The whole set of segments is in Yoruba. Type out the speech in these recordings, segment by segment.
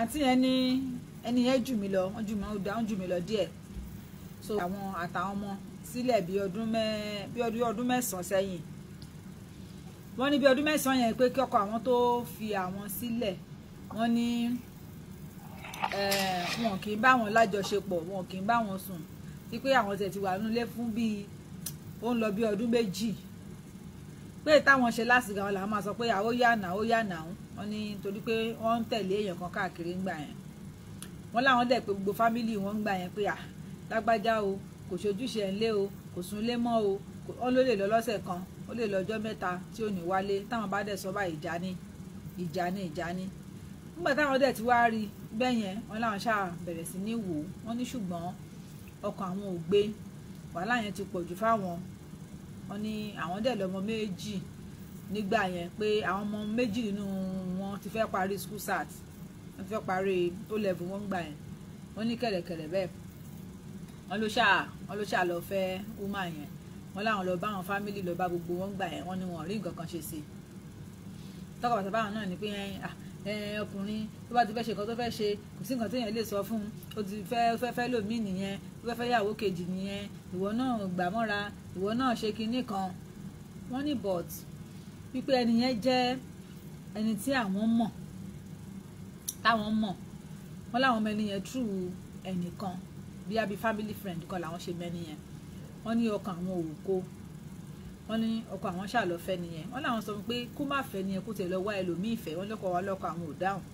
àǹtí yẹn ní ẹni yẹn jù mí lọ wọ́n jù mí lọ wọ́n jù mí lọ díẹ̀ so àwọn àtàwọn ọmọ sílẹ̀ bí ọdún mẹ́ bí ọdún mẹ́sàn-án sẹ́yìn wọ́n ní bí ọdún mẹ́sàn-án yẹn pé kí ọkọ àwọn tó fi àwọn sílẹ̀ wọ́n ní eh, wọn kì í bá wọn lájọṣepọ̀ wọn kì í bá wọn sùn wípé àwọn tẹ̀ ti wà nílé fún bíi ó ń lọ bí ọdún méjì pé táwọn ṣe lásìkò àwọn làwọn máa sọ pé àwọn yà nà ó yà nà wọn ní torí pé wọ́n ń tẹ̀lé èèyàn kan káàkiri ń gbà yẹn wọ́n láwọn dẹ̀ pé gbogbo fámìlì wọn ń gbà yẹn pé à ah, lágbájá o kò ṣojúṣe ẹ̀ ń lé o kò sùn lé mọ́ o ó ló lè lọ lọ́sẹ̀ kan ó lè lọ ọjọ́ mẹ́ta tí ò ní wálé táwọn bá dẹ̀ sọ bá ìjà ni ìjà ni ìjà ni nígbà táwọn dẹ̀ ti wá rí bẹ́yẹn wọ́n láwọn ṣáà bẹ̀rẹ̀ sí ní wò ó wọ́n ní ṣùgbọ́n ọkàn àwọn ò gbé wàhálà yẹn ti pọ̀jù fáwọn wọ́n ní àwọn dẹ̀ lọ́mọ méjì nígbà yẹn pé àwọn ọmọ méjì nínú wọn ti fẹ́ parí school sat wọ́n ti fẹ́ parí tó lẹ́bù wọn gbà yẹn wọ́n ní kẹ̀lẹ̀kẹ̀lẹ̀ bẹ́ẹ̀ wọ́n ló ṣáà wọ́n ló ṣáà lọ fẹ́ wúmà yẹn wọ́n láwọn lọ bá àwọn fámìlì lọ bá gbogbo wọn gbà yẹn wọ́n ní wọn rí nǹkan kan ṣe sí i tọ́ka bàtà báwọn náà ni pé ọkùnrin tó bá ti fẹ́ ṣe nǹkan tó fẹ́ ṣe kò sí nǹkan téèyàn lè sọ fún un ó ti fẹ́ fẹ́ fẹ́ lòmíì nìyẹn ó fẹ́ fẹ́ yàwó kejì nìyẹn ìwọ náà gbà mọ́ra ìwọ náà ṣe kinní kan wọ́n ní but wípé ẹni yẹn jẹ́ ẹni tí àwọn mọ̀ táwọn mọ̀ wọ́n láwọn ọmọ ẹni yẹn true ẹnìkan bí abi family friend kan làwọn ṣe mẹ́ni yẹn wọ́n ní ọkàn àwọn òwòkó wọ́n ní ọkọ àwọn ṣáà lọ fẹ́ nìyẹn wọ́n làwọn sọ pé kó má fẹ́ nìyẹn kó tẹ̀ lọ wá ẹlòmíì fẹ́ wọ́n lọ́kọ wa lọ́kọ àwọn ò dáhùn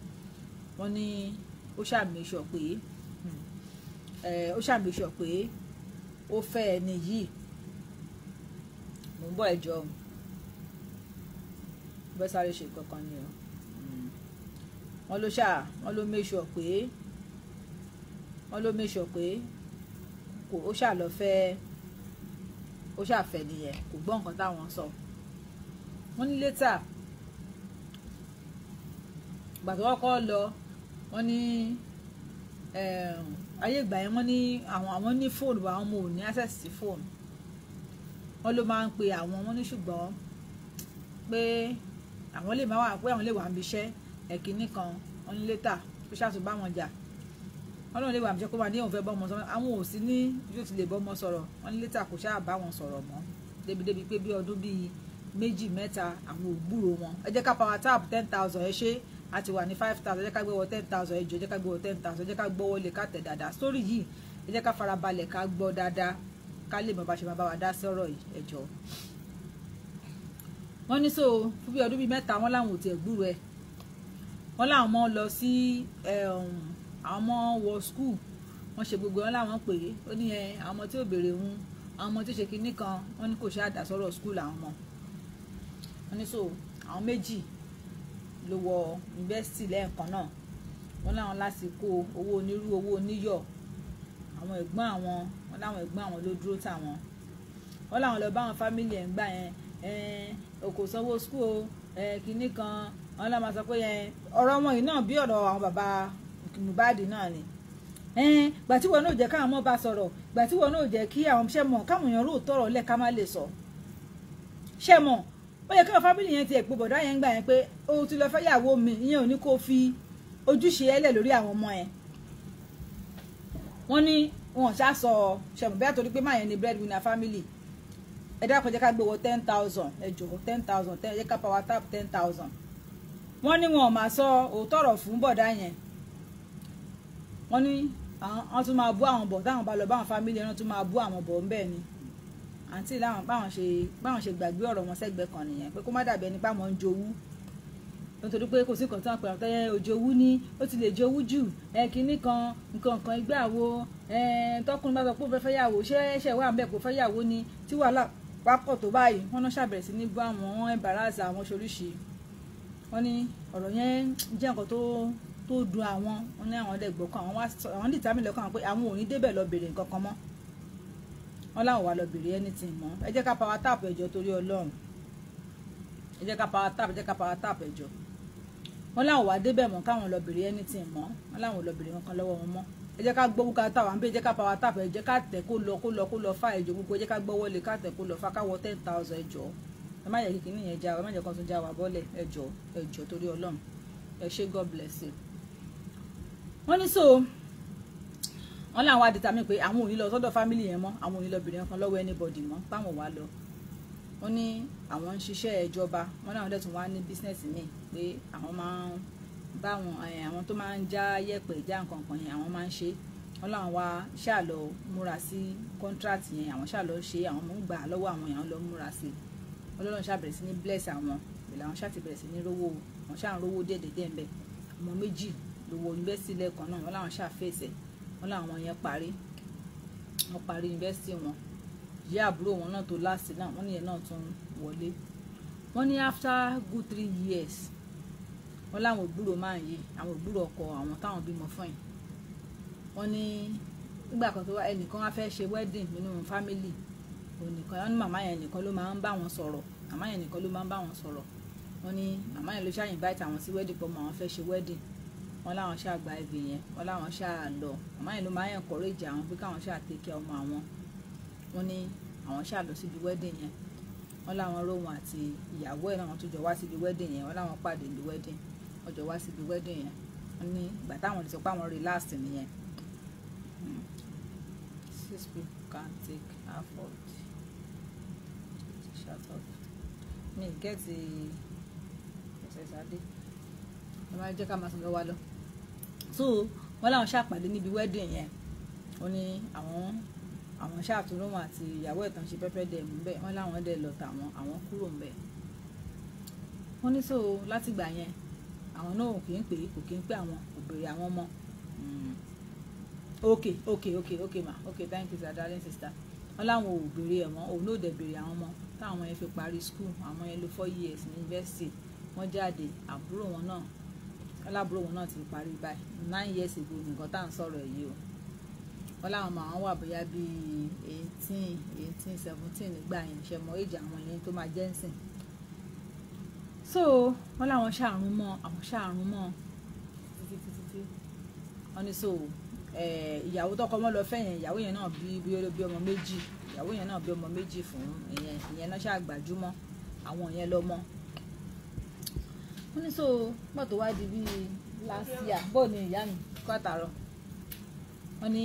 wọ́n ní ó ṣàmìṣọ pé hmm, ó ṣàmìṣọ pé ó fẹ́ ẹni yìí mò ń bọ̀ ẹjọ́ o bẹ́ẹ̀ sáré ṣe kankan ni o wọ́n ló ṣáà wọ́n ló make sure pé wọ́n ló make sure pé kò ó ṣáà lọ fẹ́ ó ṣáà fẹ́ nìyẹn kò gbọ́ nǹkan táwọn sọ wọ́n ní létà ìgbà tó kọ́kọ́ lọ wọ́n ní eh, ayé ìgbà yẹn wọ́n ní àwọn àwọn ní fóònù àwọn ọmọ ò ní access sí fóònù wọ́n ló máa ń pe àwọn wọn ní ṣùgbọ́n pé àwọn lè má wà pé àwọn lè wà níbi iṣẹ́ ẹ̀kíní kan wọn ní létà kó ṣáà tún bá wọn jà wọn náà lè wà níbi iṣẹ́ kó máa ní òun fẹ́ bọ́ ọmọ sọ̀rọ̀ àwọn ò sí ní yóò ti lè bọ́ ọmọ sọ̀rọ̀ wọn ní létà kó ṣáà bá wọn sọ̀rọ̀ mọ́ débi pé bí ọdún bíi méjì mẹ́ta àwọn ògbúrò wọn ẹ jẹ́ ká power tap ten thousand ẹ ṣe a ti wà ní five thousand ẹ jẹ́ ká gbé ten thousand ẹ jọ ẹ jẹ́ ká gbé ten thousand ẹ jẹ́ ká gbọ́ wọlé ká tẹ̀ dáadáa sórí yìí ẹ jẹ́ dáadáa ká lè mọ̀ bá ṣe máa bá wa dá sí ọ̀rọ̀ yìí ẹ̀jọ̀ wọ́n ní so fún bí ọdún bíi mẹ́ta wọ́n láwọn ò tiẹ̀ gbúrò ẹ̀ wọ́n láwọn mọ́ lọ sí àwọn ọmọ wọ skul wọ́n ṣe gbogbo wọn láwọn pè é ó ní ẹ àwọn ọmọ tí ò béèrè ń àwọn ọmọ tí ó ṣe kinní kan wọ́n ní kò ṣe àdásọ́rọ̀ skul àwọn ọmọ wọ́n ní so àwọn méjì ló wọ yunifásitì lẹ́ẹ̀kan náà wọ́n láwọn lásìkò owó onírú owó oníyọ̀ àwọn ẹ̀gbọ́n àwọn wọn láwọn ẹ̀gbọ́n àwọn ló dúró táwọn wọn láwọn lọ bá àwọn fámìlì ẹ̀ ń gbà yẹn òkò sanwó skul o kínní kan wọn lọ́ọ́ máa sọ pé ọ̀rọ̀ wọn yìí náà bí ọ̀rọ̀ àwọn bàbá Mohbad náà ni gbà tí wọn náà jẹ́ káwọn ọmọ bá sọ̀rọ̀ gbà tí wọn náà jẹ́ kí àwọn ṣẹ́ mọ̀ káwọn èèyàn rò tọ̀rọ̀ lẹ̀ ká má ti ẹ̀pọ̀ bọ̀dá yẹn gbà o ti lọ fẹ́ yàwó fi ojúṣe ẹlẹ̀ lórí àwọn ọmọ yẹn wọ́n ní wọn ṣá sọ ṣẹ̀bùn bẹ́ẹ̀ torí pé máa yẹn ni breadwinner family ẹ dákun jẹ́ ká gbé ten thousand ẹ jọ̀ọ́ ten thousand ten jẹ́ ká power tap ten thousand wọ́n ní wọn ò máa sọ òótọ́ ọ̀rọ̀ fún bọ̀dá yẹn wọ́n ní wọ́n tún máa bú àwọn bọ̀ táwọn bá lọ báwọn family ẹ̀ wọ́n tún máa bú àwọn bọ̀ ń bẹ́ẹ̀ ni àǹtí láwọn báwọn ṣe báwọn ṣe gbàgbé ọ̀rọ̀ wọn sẹ́gbẹ̀ẹ́ kan nìyẹn pé kó má dàbí ẹni pé ń jowú nítorí pé kò sí nǹkan tí wọ́n pè àwọn tẹ́yẹ òjòwú ní ó ti lè jowú jù ẹ kínní kan nǹkan kan ìgbà wo tọkùnrin bá sọ pé ó fẹ́ fẹ́ yàwó ṣé ẹ̀ṣẹ̀ wà ń bẹ̀ kó fẹ́ yàwó ni tí wàhálà wá pọ̀ tó báyìí wọ́n náà ṣàbẹ̀rẹ̀ sí ní bá àwọn ẹ̀bàràzà àwọn ṣoríṣi wọ́n ní ọ̀rọ̀ yẹn jẹ́ nǹkan tó tó dùn àwọn wọ́n ní àwọn ẹlẹ́gbọ́n kan àwọn wá àwọn ní ìtàmì lọ́kàn pé àwọn ò ní débẹ̀ lọ bèrè nǹkan kan mọ́ wọ́n láwọn wà lọ bèrè anything mọ́ ẹ jẹ́ ká power tap ẹ̀jọ̀ torí Ọlọ́run ẹ jẹ́ ká power tap ẹ jẹ́ ká power tap ẹ̀jọ̀ wọ́n láwọn wá débẹ̀ mọ́ káwọn lọ bèrè anything mọ́ wọ́n láwọn lọ bèrè kankan lọ́wọ́ wọn mọ́ ẹ ká gbọ́ kúkà táwọn àbí ẹ ká power tap ẹ jẹ́ ká tẹ̀ kó lọ kó lọ kó lọ fa ẹ̀jọ̀ gbogbo ẹ ká gbọ́ wọlé ká tẹ̀ kó lọ fa káwọ ten thousand ẹ̀jọ̀ ẹ má yẹ kí kíní yẹn já ẹ má yẹ kó tún já wà bọ́lẹ̀ ẹ̀jọ̀ ẹ̀jọ̀ torí Ọlọ́run ẹ ṣé God bless you. wọ́n ní so wọ́n láwọn adìta mi pé àwọn ò ní lọ sọ́dọ̀ family yẹn mọ́ àwọn ò ní kan lọ́wọ́ anybody mọ́ báwọn wà lọ wọ́n ní àwọn ń ṣiṣẹ́ ìjọba wọ́n láwọn dẹ̀ tún wá ní business míì pé àwọn máa ń báwọn àwọn tó máa ń já yẹ̀pẹ̀ já nǹkan kan yẹn àwọn máa ń ṣe wọn làwọn wá ṣàlọ múra sí contract yẹn àwọn ṣàlọ ṣe àwọn mú gbà lọ́wọ́ àwọn yẹn lọ múra sí wọn lọ́nà ṣàbẹ̀rẹ̀ sí ní bless àwọn ìlà àwọn ṣàtìbẹ̀rẹ̀ sí ní rówó wọn ṣà ń rówó dẹ́ẹ̀dẹ́dẹ́ ń bẹ̀ ọmọ méjì lówó yunifásitì lẹ́ẹ̀kan náà wọn làwọn ṣàfẹ́sẹ̀ wọn làwọn yẹn parí wọn parí yunifásitì wọn ìyá àbúrò wọn náà tó láàsì náà wọn nìyẹn náà tún wọlé wọn ní after good three years wọ́n láwọn ògbúrò máa ń yé àwọn ògbúrò ọkọ àwọn táwọn bímọ fún yìí wọ́n ní nígbà kan tó wá ẹnìkan wá fẹ́ ṣe wedding nínú family ònìkan wọ́n ní màmá yẹn nìkan ló máa ń bá wọn sọ̀rọ̀ màmá yẹn nìkan ló máa ń bá wọn sọ̀rọ̀ wọ́n ní màmá yẹn ló ṣáà invite àwọn sí wedding pọ̀ mọ́ àwọn fẹ́ ṣe wedding wọ́n láwọn ṣáà gba ibì yẹn wọ́n láwọn ṣáà lọ màmá yẹn ló máa ń encourage àwọn pé káwọn ṣáà take care ọmọ àwọn wọ́n ní àwọn ṣáà lọ síbi wedding yẹn wọ́n láwọn róhun àti ìyàwó ẹ̀ náà wọ́n tó jọ wá síbi wedding yẹn wọ́n láwọn pàdé níbi wedding ọjọ́ wá síbi wedding yẹn wọ́n ní ìgbà táwọn ti pa àwọn relax nìyẹn six people can take half of the shot of me get the ẹsẹ̀ ẹ máa jẹ́ ká máa sọ̀rọ̀ wa lọ so wọ́n láwọn ṣàpàdé níbi wedding yẹn ó ní àwọn àwọn ṣàtúnrún àti ìyàwó ẹ̀tàn ṣe pẹ́pẹ́ dẹ̀ mú bẹ́ẹ̀ wọ́n láwọn dẹ̀ lọ tàwọn àwọn kúrò ń bẹ́ẹ̀ wọ́n ní so látìgbà yẹn àwọn náà kì í pè é kò kì í pè àwọn kò àwọn ọmọ hmm. okay okay okay okay ma okay thank you sir darling sister wọn láwọn ò béèrè ẹ̀ mọ́ òun náà dẹ̀ béèrè àwọn ọmọ táwọn yẹn fi parí school àwọn yẹn ló four years ní university wọ́n jáde àbúrò wọn náà aláàbúrò wọn náà ti parí báyìí nine years ago nǹkan tá à ń sọ̀rọ̀ ẹ̀ yìí o wọn láwọn máa wà bóyá bíi eighteen eighteen seventeen nígbà yẹn ṣe mọ èjì àwọn yẹn tó máa jẹ́ ǹsìn so wọ́n láwọn ṣàrùn mọ́ àwọn ṣàrùn mọ́ títí títí tí wọ́n ní so ìyàwó tọkọ mọ́ lọ fẹ́yìn ìyàwó yẹn náà bí bí ọmọ méjì ìyàwó yẹn náà bí ọmọ méjì fún ìyẹn ìyẹn náà ṣàgbàjúmọ́ àwọn yẹn lọ mọ́ wọ́n ní so pọ̀ tó wá di bíi last year bó ni ìyá mi kọ́ àtàrọ̀ wọ́n ní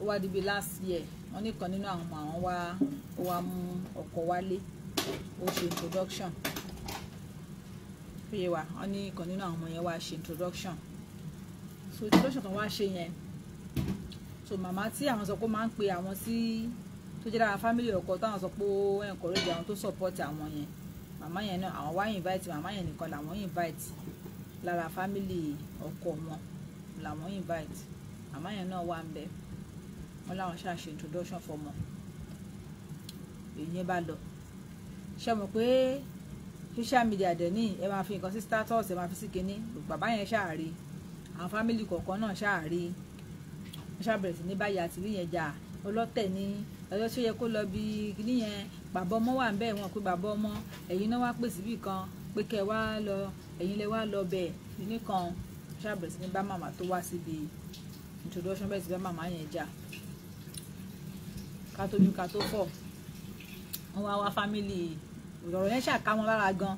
ó wá di bíi last year wọ́n ní kan nínú àwọn ọmọ àwọn wá ó wá mú ọkọ wálé ó ṣe introduction ó yé wa wọ́n ní ìkan nínú àwọn ọmọ yẹn wá ṣe introduction so introduction tó wá ṣe yẹn so màmá tí àwọn sọ pé máa ń pe àwọn sí tó jẹ́ dára family ọkọ táwọn sọ pé ó encourage àwọn tó support àwọn yẹn màmá yẹn náà àwọn wá invite màmá yẹn nìkan làwọn invite lára family ọkọ wọn làwọn invite màmá yẹn náà wà ń bẹ wọn làwọn ṣáà ṣe introduction fọmọ èyí yẹn bá lọ ṣe mọ̀ pé social media dẹ̀ ní ẹ máa fi nǹkan sí status ẹ máa fi sí kinní bàbá yẹn ṣáàrí àwọn fámìlì kọ̀ọ̀kan náà ṣáàrí wọ́n ṣàbẹ̀rẹ̀ sí ní báyìí àti rí yẹn jà ọlọ́tẹ̀ ní ọjọ́ tí ó yẹ kó lọ bí kinní yẹn bàbá ọmọ wà ń bẹ́ẹ̀ wọn pé bàbá ọmọ ẹ̀yin náà wá pè síbì kan pé kẹ́ ẹ wá lọ ẹ̀yin lẹ wá lọ bẹ̀ kinní kan wọ́n ṣàbẹ̀rẹ̀ sí ní bá màmá tó wá síbi introduction bẹ́ẹ̀ sí bá màmá yẹn jà ká tójú ká tó fọ̀ wọ́n wá wá fámìlì ọ̀rọ̀ yẹn ṣàká wọn lára gan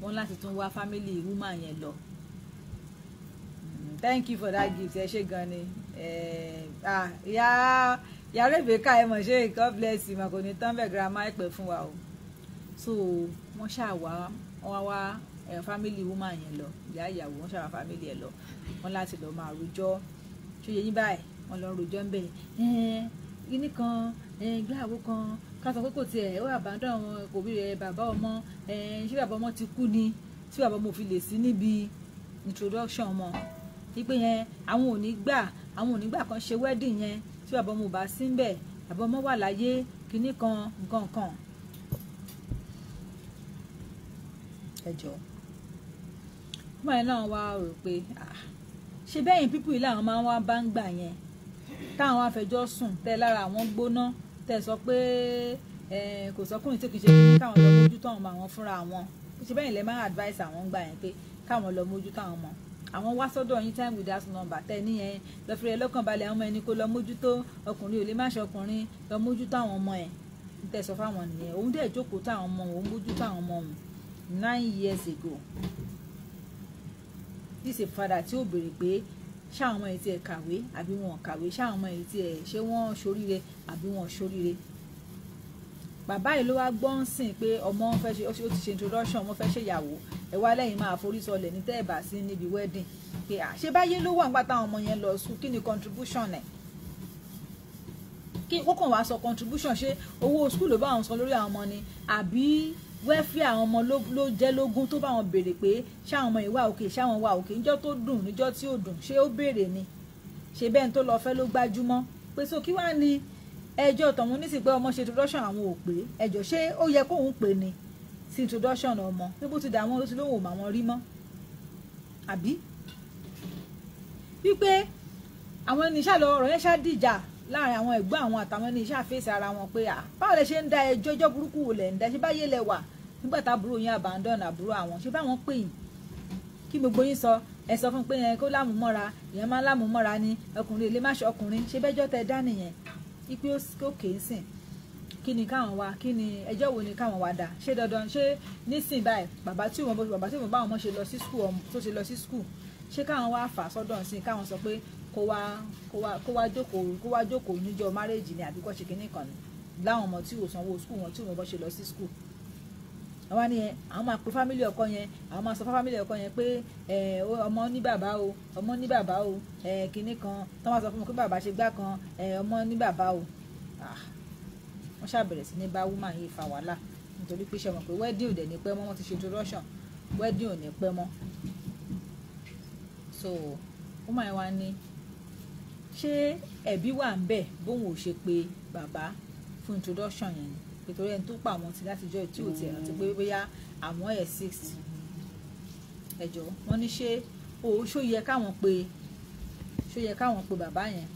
wọn láti tún wá family woman yẹn lọ thank you for that gift ẹ ṣe gan ni ìyá ìyá Rebecca ẹ mọ̀ ṣe God bless you màkò ní tán bẹ́ẹ̀ grandma ẹ pẹ́ fún wa o so wọ́n ṣàwá wọ́n wá family woman yẹn lọ ìyá ìyàwó wọ́n ṣàwá family ẹ̀ lọ wọ́n láti lọ́ọ́ máa rojọ́ ṣó yẹ yín báyìí wọ́n lọ́ọ́ rojọ́ ń bẹ̀ ẹ́ kíní kan ẹ̀ gbáàwó kan ká sọ pé kò tiẹ̀ ó àbádọ́ àwọn kò bí bàbá ọmọ ṣé bàbá ọmọ ti kú ni tí bàbá ọmọ fi lè sí níbi introduction ọmọ wípé yẹn àwọn ò ní gbà àwọn ò ní gbà kan ṣe wedding yẹn tí bàbá ọmọ ò bá sí níbẹ̀ bàbá ọmọ wà láyé kinní kan nǹkan kan. ẹ jọ ọmọ yẹn náà wá rò pé ṣe bẹ́yìn pípù yìí làwọn máa ń wá bá ń gbà yẹn táwọn afẹjọ́ sùn tẹ́ lára àwọn gbóná. No? tẹ sọ pé kò sọkùnrin tí kì ṣe kí káwọn lọ mójútó àwọn ọmọ àwọn fúnra wọn ṣe bẹ́yìn lẹ́ máa advice àwọn gbà yẹn pé káwọn lọ mójútó àwọn ọmọ àwọn wá sọ́dọ̀ yín time with that number tẹ́ níyẹn lọ fi rẹ lọ́kàn balẹ̀ àwọn ọmọ ẹni kó lọ mójútó ọkùnrin ò lè má ṣe ọkùnrin lọ mójútó àwọn ọmọ ẹ̀ ń tẹ̀sọ́ fáwọn nìyẹn òun dẹ̀ jókòó táwọn ọmọ òun mójútó àwọn ọmọ òun nine years ago this a father tí ó béèrè pé ṣáwọn ọmọ yìí tiẹ̀ kàwé àbí wọn kàwé ṣáwọn ọmọ yìí tiẹ̀ ṣé wọ́n ṣoríire àbí wọn ṣoríire bàbá yìí ló wá gbọ́ ń sìn pé ọmọ wọn fẹ́ ṣe ó ti ṣe introduction wọn fẹ́ ṣèyàwó ẹ wá lẹ́yìn máa forí sọlẹ̀ ní tẹ́ẹ̀bà sí níbi wedding pé àṣé báyé ló wà nígbà táwọn ọmọ yẹn lọ sùn kí ni contribution ẹ̀ kí wọ́n kàn wá sọ contribution ṣé owó school ló bá àwọn sọ lórí àwọn ọmọ ni àbí wẹ́fíà àwọn ọmọ ló jẹ́ lógún tó bá wọn béèrè pé ṣáwọn ọmọ yìí wà òkè ṣáwọn wà òkè níjọ́ tó dùn níjọ́ tí ò dùn ṣé ó béèrè ni ṣe bẹ́ẹ̀ tó lọ fẹ́ ló gbájúmọ́ pé so kí wàá ní ẹjọ́ tọ̀hún nísìnyí pé ọmọ ṣe introduction àwọn ò pé ẹjọ́ ṣé ó yẹ kóun pè ní sí introduction ọmọ pé bó ti dà wọ́n ló ti lóun ò mà wọ́n rí mọ́ àbí wípé àwọn ènìyàn ṣàlọ ọ̀rọ̀ yẹn ṣáà dìjà láàrin àwọn ẹ̀gbọ́n àwọn àtàwọn ẹni iṣẹ́ àfẹ́sì ara wọn pé à báwo lẹ ṣe ń da ẹjọ́ ẹjọ́ burúkú wò lẹ̀ ń da ṣe bá yé lẹ wà nígbà táàbúrò yín abandon àbúrò àwọn ṣe báwọn pè yín kí gbogbo yín sọ ẹ sọ fún pé yẹn kó láàmú mọ́ra ìyẹn máa láàmú mọ́ra ni ọkùnrin ilé máṣe ọkùnrin ṣe bẹ́jọ́ tẹ dá nìyẹn ipe òkè ń sìn kí ni káwọn wá kí ni ẹjọ́ wo ni káwọn wá dà ṣé dandan ṣé nísìn báyìí bàbá tí òun bàbá tí òun báwọn ọmọ ṣe lọ sí skul tó ṣe lọ sí skul ṣé káwọn wá fà sọ́dọ̀ sí káwọn sọ pé kó wá kó wá kó wá jókòó kó wá jókòó níjọ́ márèjì ni àbí kó ṣe kínní kan láwọn ọmọ tí ò sanwó skul wọn tí òun bọ́ ṣe lọ sí skul àwọn ni àwọn máa pe fámílì ọkọ yẹn àwọn máa sọ fún ọkọ yẹn pé ọmọ ní bàbá o ọmọ ní bàbá o kinní kan tó máa sọ fún mi pé bàbá ṣe gbá kan ọmọ ní bàbá o ah, wọ́n ṣàbẹ̀rẹ̀ sí ní bá woman yìí fa wàhálà nítorí pé ṣe mọ̀ pé wedding ò dẹ̀ ní pẹ́ mọ́ wọ́n ti ṣe introduction wedding ò ní pẹ́ mọ́ so woman yẹn wá ní ṣé ẹ̀bí wà ń bẹ̀ bóun ò ṣe pé bàbá fún introduction yẹn nítorí ẹni tó pa àwọn ti látijọ́ tí ò ti ẹ̀ rántí pé bóyá àwọn ẹ̀ six ẹ̀jọ̀ wọ́n ní ṣé o ṣó yẹ káwọn pe ṣó yẹ káwọn pe bàbá yẹn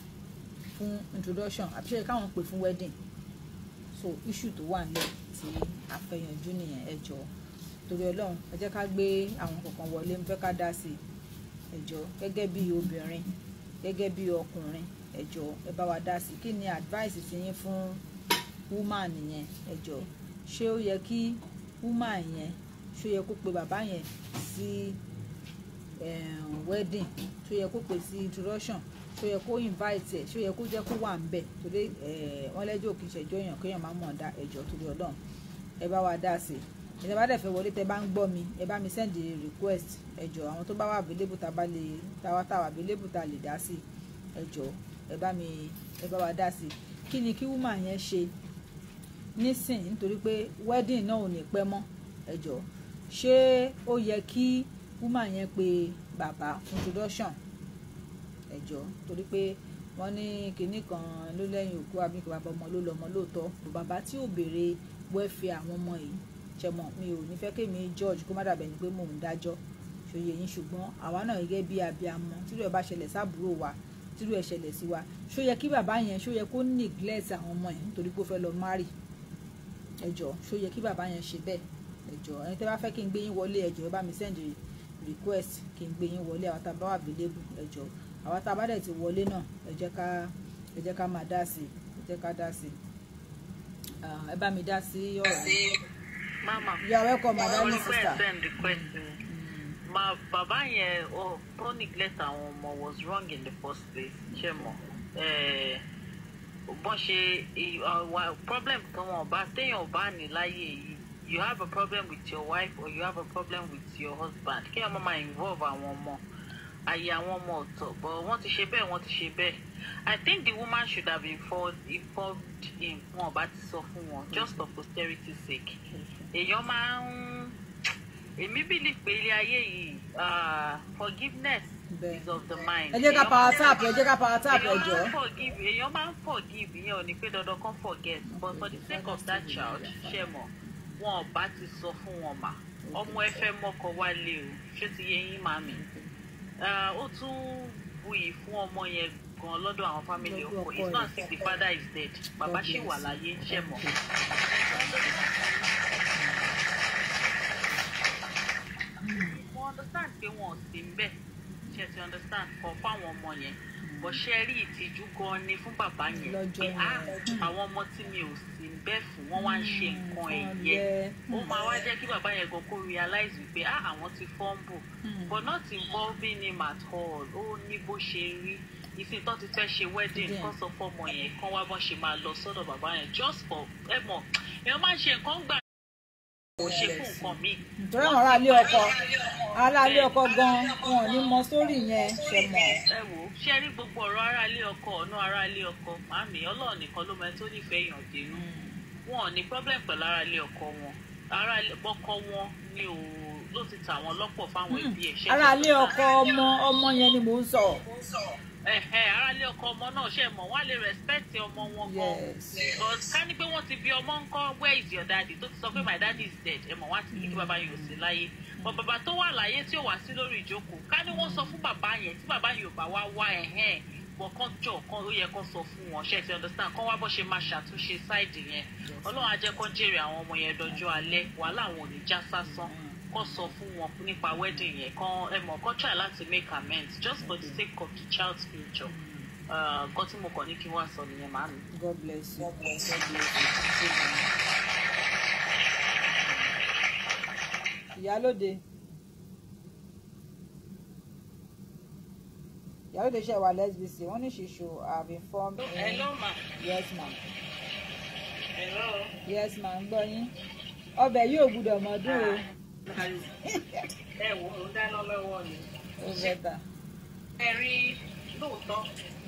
fún introduction àbí ṣó yẹ káwọn pe fún wedding so issue tó wà nílẹ̀ tí a fẹ́ yanjú nìyẹn ẹ̀jọ̀ torí ọlọ́run ẹ jẹ́ ká gbé àwọn kọ̀ọ̀kan wọlé ń fẹ́ ká dá sí ẹ̀jọ̀ gẹ́gẹ́ bí obìnrin gẹ́gẹ́ bí ọkùnrin ẹ jọ̀ọ́ ẹ bá wa dá sí kí ni advice ti yín fún woman yẹn ẹ jọ̀ọ́ ṣé ó yẹ kí woman yẹn ṣó yẹ kó pe bàbá yẹn sí eh, wedding ṣó yẹ kó pe sí introduction ṣó yẹ kó invite ẹ ṣó yẹ kó jẹ́ kó wà ń bẹ̀ torí eh, wọ́n lẹ́jọ́ kì í ṣẹjọ́ èèyàn kéèyàn má mọ̀ ọ́n dá ẹjọ́ torí ọlọ́run ẹ bá wa dá sí i ìjọba bá dẹ̀ fẹ́ wọlé tẹ́ bá ń gbọ́ mi ẹ bá mi send request ẹ jọ̀ọ́ àwọn tó bá wà available tá a bá lè táwa táwa available lè dá sí ẹ ẹ bá mi ẹ bá wa dá sí kí ni kí woman yẹn ṣe nísìn nítorí pé wedding náà ò ní pẹ́ mọ́ ẹ jọ̀ọ́ ṣé ó yẹ kí woman yẹn pe bàbá introduction ẹ jọ̀ọ́ torí pé wọ́n ní kinní kan ló lẹ́yìn òkú àbíkú bàbá ọmọ ló lọ́mọ lóòótọ́ bàbá tí ò béèrè wẹ́fẹ̀ àwọn ọmọ yìí ṣẹmọ mi ò ní fẹ́ kémi george kó má dàbẹ̀ ni pé mò ń dájọ́ ṣòye yín ṣùgbọ́n àwa náà gẹ́gẹ́ bí abiamọ tírú ẹ̀ bá ṣẹlẹ̀ sábúrò wa tírú ẹ̀ ṣẹlẹ̀ sí wa ṣó yẹ kí bàbá yẹn ṣó yẹ kó neglect àwọn ọmọ ẹ̀ nítorí pé ó fẹ́ lọ marry ẹjọ́ ṣó yẹ kí bàbá yẹn ṣe bẹ́ẹ̀ ẹjọ́ ẹni tẹ́ bá fẹ́ kí n gbé yín wọlé ẹjọ́ ẹ bá mi send request kí n gbé yín wọlé àwọn tá wà available ẹjọ́ àwọn tá dẹ̀ ti wọlé náà ẹ ká ẹ ká máa dá sí ẹ ká dá sí ẹ bá mi dá sí ọ̀rọ̀ Mama, you are welcome, madam sister. I send the question. Uh, mm. My baba here, oh, tó neglect àwọn ọmọ was wrong in the first place. uh, but she, uh, problem come on, but téèyàn your ní like, You have a problem with your wife or you have a problem with your husband. Can your mama involve àwọn ọmọ. Àyè àwọn ọmọ ọ̀tọ̀, but want to share, bẹ́ẹ̀, wọ́n ti ṣe I think the woman should have informed informed him more, ọba ti sọ fún just for posterity's sake èèyàn máa ń èmi believe pé ilé ayé yìí ah, forgiveness is of the mind. ẹ jẹ́ ká power tap ẹ jẹ́ ká power tap ẹ jọ. èèyàn máa ń forgive ìyẹn ò ní pé dandan kan forget but for the sake of that child ṣe mọ̀ wọn ọba ti sọ fún wọn mà ọmọ ẹ fẹ́ mọ́kọ wálé o ṣé ti yẹ yín màmí ah, ó tún buyì fún ọmọ yẹn gan lọ́dọ̀ àwọn family ọkọ it's not as the father is dead bàbá ṣì wà láyé ṣe mọ̀. mo understand pé wọn ò sí mbẹ ṣe ti understand kọ fáwọn ọmọ yẹn bó ṣe rí ìtìjú gan ni fún bàbá yẹn pé ah, hmm. àwọn ọmọ tí mi ò sí mbẹ fún wọn wá ń ṣe hmm. nǹkan ẹ̀yẹ ó máa wá hmm. jẹ́ kí bàbá yẹn gan kó realize wípé ah, àwọn ti fọ́ńbù but not involving him at all ó ní bó ṣe rí ìsìn tó ti fẹ́ ṣe wedding kọ́ sọ fún ọmọ yẹn kán wá bọ́n ṣe máa lọ sọ́dọ̀ bàbá yẹn just for ẹ mọ̀ èèyàn máa ṣe nǹkan gbà kò ṣe fún nǹkan míì. nítorí àwọn aráalé ọkọ aráalé ọkọ gan wọn ò ní mọ sórí yẹn ṣe mọ̀. ẹ wò ṣe rí gbogbo ọ̀rọ̀ aráalé ọkọ ọ̀nà aráalé ọkọ màmí ọlọ́run nìkan ló mọ ẹni tó nífẹ̀ẹ́ èèyàn dénú wọn ò ní problem pẹ̀lú aráalé ọkọ wọn ọkọ wọn ni ò ló ti tà wọn lọ́pọ̀ fáwọn hmm. ẹbí ẹ̀ ṣẹ́ aráalé ọkọ ọmọ ọmọ yẹn ni mò ń sọ aráalé ọkọ ọmọ náà ṣe mọ̀ wọ́n á lè respect ọmọ wọn gan but ká ní pé wọ́n ti bí ọmọ ńkọ́ where is your daddy tó ti sọ pé my daddy is dead ẹ mọ̀ wọ́n á ti ní kí bàbá yìí ò sí láyé but bàbá tó wà láyé tí ò wá sí lórí ìjókòó ká ní wọ́n sọ fún bàbá yẹn tí bàbá yìí ò bá wá wá ẹ̀hẹ́n wọn kàn jọ kan ó yẹ kàn sọ fún wọn ṣe ti understand kàn wá bó ṣe máa ṣàtúnṣe sáìdì yẹn ọlọ́run á jẹ́ kàn jèrè àwọn ọmọ yẹn dọjọ́ alẹ́ wàhálà àwọn ò já sásán kọ́kọ́ sọ fún wọn nípa wedding yẹn kan ẹ mọ̀ kọ́ try láti make amends just for the sake of the child's future uh, nǹkan tí mo kàn ní kí wọ́n sọ nìyẹn màá mi. God bless you. God bless you. God bless you. ìyálóde ìyálóde ṣe wà lsbc wọ́n ní she should have informed him. Oh, hello ma. yes ma. hello. yes ma'am. ń gbọ́ yín ọbẹ̀ yóò gbúdọ̀ mọ́ dúró. Ah ẹ wò ó dáná lọ́wọ́ ni. ó bẹ́tà. ẹ rí lóòótọ́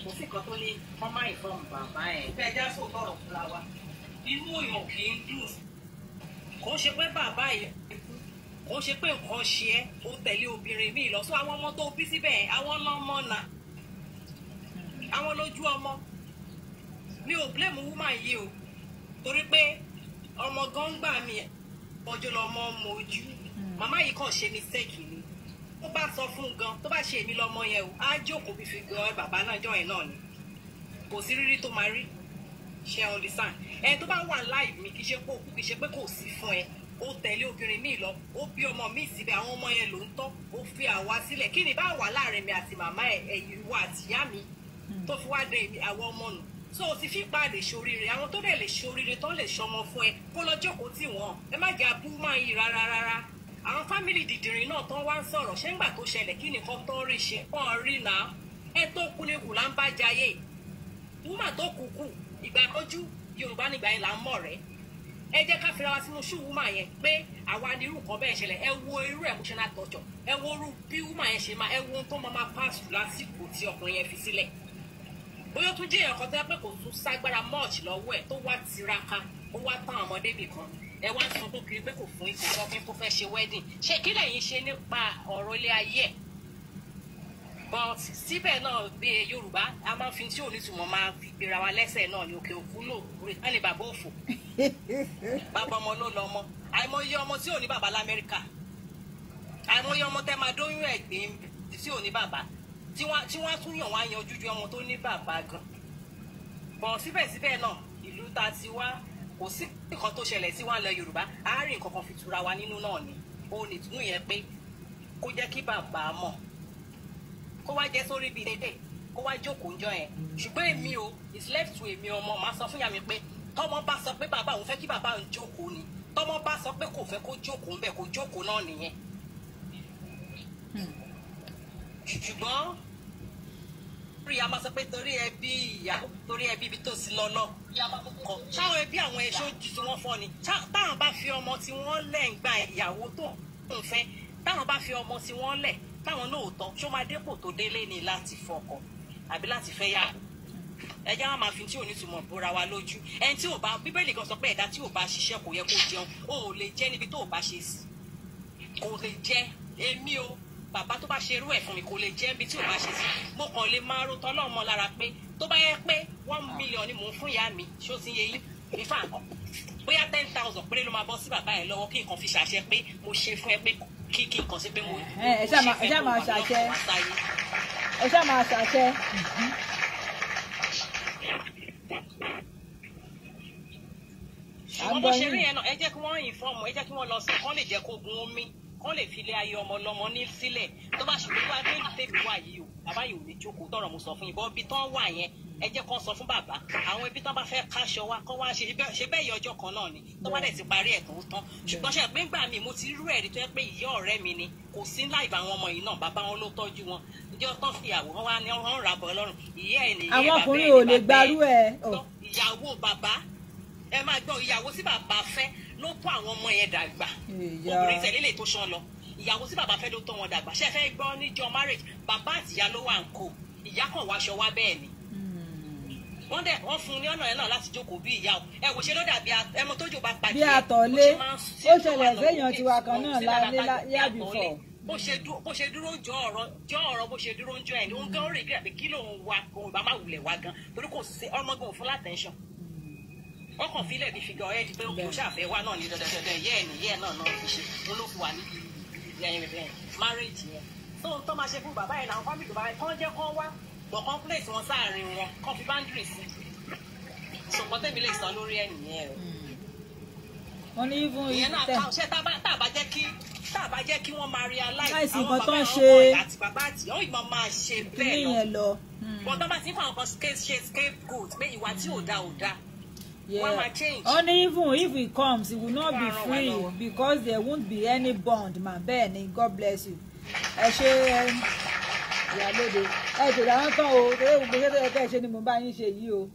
kò sí nǹkan tó ní ọmọ ìfọ̀n bàbá ẹ̀. bẹ́ẹ̀ já sóò tọrọ fúnra wa inú èèyàn kì í dùn kò ṣe pé bàbá yìí kò ṣe pé nǹkan ṣe ẹ́ o tẹ̀lé obìnrin míì lọ sọ àwọn ọmọ tó bí síbẹ̀ àwọn lọ́mọ náà àwọn lójú ọmọ mi ò blame woman yìí o torí pé ọmọ gan gbà mí ọjọ́ lọ́mọ mọ ojú màmá yìí kàn ṣe mistake ni tó bá sọ fún un gan tó bá ṣe èmi lọ́mọ yẹn o á jókòó bí gan bàbá náà jọ náà ni kò sí rírí tó máa rí ṣe understand ẹ tó bá wà láì mi kì í ṣe pé òkú kì í ṣe pé kò sí fún ẹ ó tẹ̀lé obìnrin míì lọ ó bí ọmọ míì síbẹ̀ àwọn ọmọ yẹn ló ń tọ́ ó fi àwa sílẹ̀ kí ni bá wà láàrin mi àti màmá ẹ̀ ẹ̀yìn wa àti ìyá mi tó fi wá dé àwọn ọmọ nù so o ti fi pa lè ṣoríire àwọn tó dẹ̀ lè ṣoríire tó lè ṣọmọ fún ẹ kó lọ jókòó tì wọ́n ẹ má jà bú máa rárá rárá àwọn fámìlì dìdìrín náà tán wá ń sọ̀rọ̀ ṣé ńgbà tó ṣẹlẹ̀ kí nìkan tó rí ṣe kàn rí nà ẹ tó kú ni kù là ń bá jayé wúmà tó kù kù ìgbà lójú yorùbá nígbà yẹn là ń mọ̀ rẹ́ ẹ jẹ́ ká fira wa sínú ṣú wúmà yẹn pé àwa ni irú nǹkan bẹ́ẹ̀ ṣẹlẹ̀ ẹ wo irú emotional torture ẹ wo irú bí wúmà yẹn ṣe máa ẹ wo ohun tó máa máa pass lásìkò tí ọkùnrin yẹn fi sílẹ̀ bóyá ó tún jẹ́ èèyàn kan tó yẹ pé kò tún ságbára much lọ́wọ́ ẹ̀ tó wá tiraka ó wá tán ọmọdébì ẹ wá sọ tó kiri pé kò fún ìkó sọ pé kó fẹ́ ṣe wedding ṣé kí lẹ́yìn ṣe nípa ọ̀rọ̀ ilé ayé ẹ̀ but síbẹ̀ náà bí Yorùbá a máa fi tí onítùmọ̀ máa fi gbéra wa lẹ́sẹ̀ náà ní òkè òkú lò rè á ní bàbá òfò bàbá ọmọ ló lọ ọmọ àìmọye ọmọ tí ò ní bàbá l'Amẹ́ríkà àìmọye ọmọ tẹ́ máa dóyún ẹ̀gbìn tí ò ní bàbá tí wọ́n á tún yàn wá yanjú ju ọmọ tó ní bàbá gan but síbẹ̀síbẹ̀ náà ìlú ta ti wá kò sí nǹkan tó ṣẹlẹ̀ sí wọn lọ yorùbá àárín nǹkan kan fi tura wa nínú náà ni òun ìtùnú yẹn pé kó jẹ́ kí bàbá mọ̀ kó wá jẹ́ sórí bíi dédé kó wá jókòó ń jọ yẹn ṣùgbọ́n èmi o it's left to èmi ọmọ màá sọ fún ìyá mi pé tọ́mọ bá sọ pé bàbá òun fẹ́ kí bàbá òun jókòó ni tọ́mọ bá sọ pé kò fẹ́ kó jókòó ń bẹ̀ kó jókòó náà nìyẹn hmm. ṣùgbọ́n free a máa sọ pé torí ẹbí ìyá torí ẹbí ibi tó sí lọ náà ṣáwọn ẹbí àwọn ẹṣọ jù tí wọ́n fọ́ ni táwọn bá fi ọmọ tí wọ́n lẹ̀ ń gba ìyàwó tó ń fẹ́ táwọn bá fi ọmọ tí wọ́n lẹ̀ táwọn náà ṣó máa dépò tó délé ni láti fọkọ àbí láti fẹ́ yà ẹjẹ wọn máa fi tí ò ní túmọ̀ bóra wa lójú ẹni tí ò bá bíbélì kan sọ pé ẹ̀dá tí ò bá ṣiṣẹ́ kò yẹ kó jẹun ò lè jẹ́ níbi tó ò bá ṣe sí kò lè jẹ́ èmi o bàbá tó bá ṣerú ẹ̀ fún mi kò lè jẹ́ ibi tí ò bá ṣe sí mo kàn lè máa ro tọ́lọ́ ọmọ lára pé tó bá yẹ pé one million ni mò ń fún ìyá mi ṣó ti yẹ yín ìfà bóyá ten thousand péré ló máa bọ́ sí bàbá ẹ̀ lọ́wọ́ kí nǹkan fi ṣàṣẹ pé mo ṣe fún ẹ pé kí kí nǹkan sí pé mo eh, ṣe fẹ́ kó wà lọ́wọ́ ẹ ṣáà máa ṣàṣẹ. ṣùgbọ́n bó ṣe rí ẹ̀ náà ẹ jẹ́ kí wọ́n yìn fọ́ọ̀mù ẹ jẹ́ kí wọ́n lọ sí kán lè jẹ́ kó gun omi kán lè fi ilé ayé ọmọ ọlọ́mọ ní sílẹ̀ tó bá ṣe wíwá dé ní tèmi wá yìí o bàbá yìí ò ní jókòó tọrọ mo sọ fún yín bọ́ bí tán wà yẹn ẹ jẹ́ kán sọ fún bàbá àwọn ibi tán bá fẹ́ káṣọ wa kán wá ṣe bẹ́ẹ̀ yọ ọjọ́ kan náà ni tó bá dẹ̀ ti parí ẹ̀ tó tán ṣùgbọ́n ṣe pé ńgbà mi mo ti rú ẹ̀rí tó yẹ pé ìyá ọ̀rẹ́ mi ni kò sí láì bá àwọn ọmọ yìí náà bàbá wọn ló tọ́jú wọn ìjọ tán fi àwòrán wa ní ọ̀rọ̀ àbọ̀ ọlọ́run ìyá ẹ̀ nìyẹn bàbá ẹ̀ ní bàbá ẹ̀ ìyàwó bàbá ẹ máa gbọ́ ìyàwó sí bàbá fẹ́ ló kó àwọn ọmọ yẹn dàgbà obìnrin tẹ̀lé lè tó ṣán lọ ìyàwó tí bàbá fẹ́ ló tọ́ wọn dàgbà ṣe fẹ́ gbọ́ níjọ marriage bàbá àtìyá ló wà ń kó ìyá kan wá aṣọ wá bẹ́ẹ̀ ni hmm. wọ́n dẹ̀ wọ́n fún un ní ọ̀nà yẹn náà láti jókòó bí ìyá o ẹ wò ṣe ló dàbí ẹmu tójú bá pàdé bí àtọ̀lé ó ṣẹlẹ̀ séèyàn tiwa kan náà lálé yábì fọ̀ bó ṣe dúró jọ ọ̀rọ̀ jọ ọ̀rọ̀ bó ṣe dúró jọ ẹ̀ ní òun gan ó rè é kí lóun wa òun bá má wulẹ̀ wá gan torí kò sí ọmọ gan òfin látẹ̀ńṣọ̀n wọ́n kàn fílẹ̀ ní figure head pé kò ṣàfẹ́ wà náà ní dandandandan yẹ́ ẹ̀ nìyẹ́ náà náà fi ṣe wọn ló fi wà níbi lẹ́yìn marriage yẹn tó ń tọ́ máa ṣe fún bàbá yẹn làwọn family bàbá yẹn kàn jẹ́ kàn wá bọ̀ kàn place wọn sáàrin wọn kàn fi boundary sí ṣùgbọ́n tẹ̀mí lè sọ lórí ẹ̀ nìyẹn o. Hmm. wọ́n ní even if tẹ̀ ìyẹn náà tá a bá jẹ́ kí tá a bá jẹ́ kí wọ́n máa realize àwọn bàbá ọkọ àti bàbá àti ọ̀ ìmọ̀ máa ṣe bẹ́ẹ̀ lọ. Hmm. bọ̀dọ́ bá ti fún àwọn kan ṣe scapegoat pé ìwà tí ò da ò da yeah. when my change. only even if he comes he will not be free because there won't be any bond my Ben. ni god bless you. ẹ ṣe um, ìyálóde ẹ tètè àwọn tán o torí gbogbo iṣẹ́ tó yẹ kẹ́ ẹ ṣe ni mo bá yín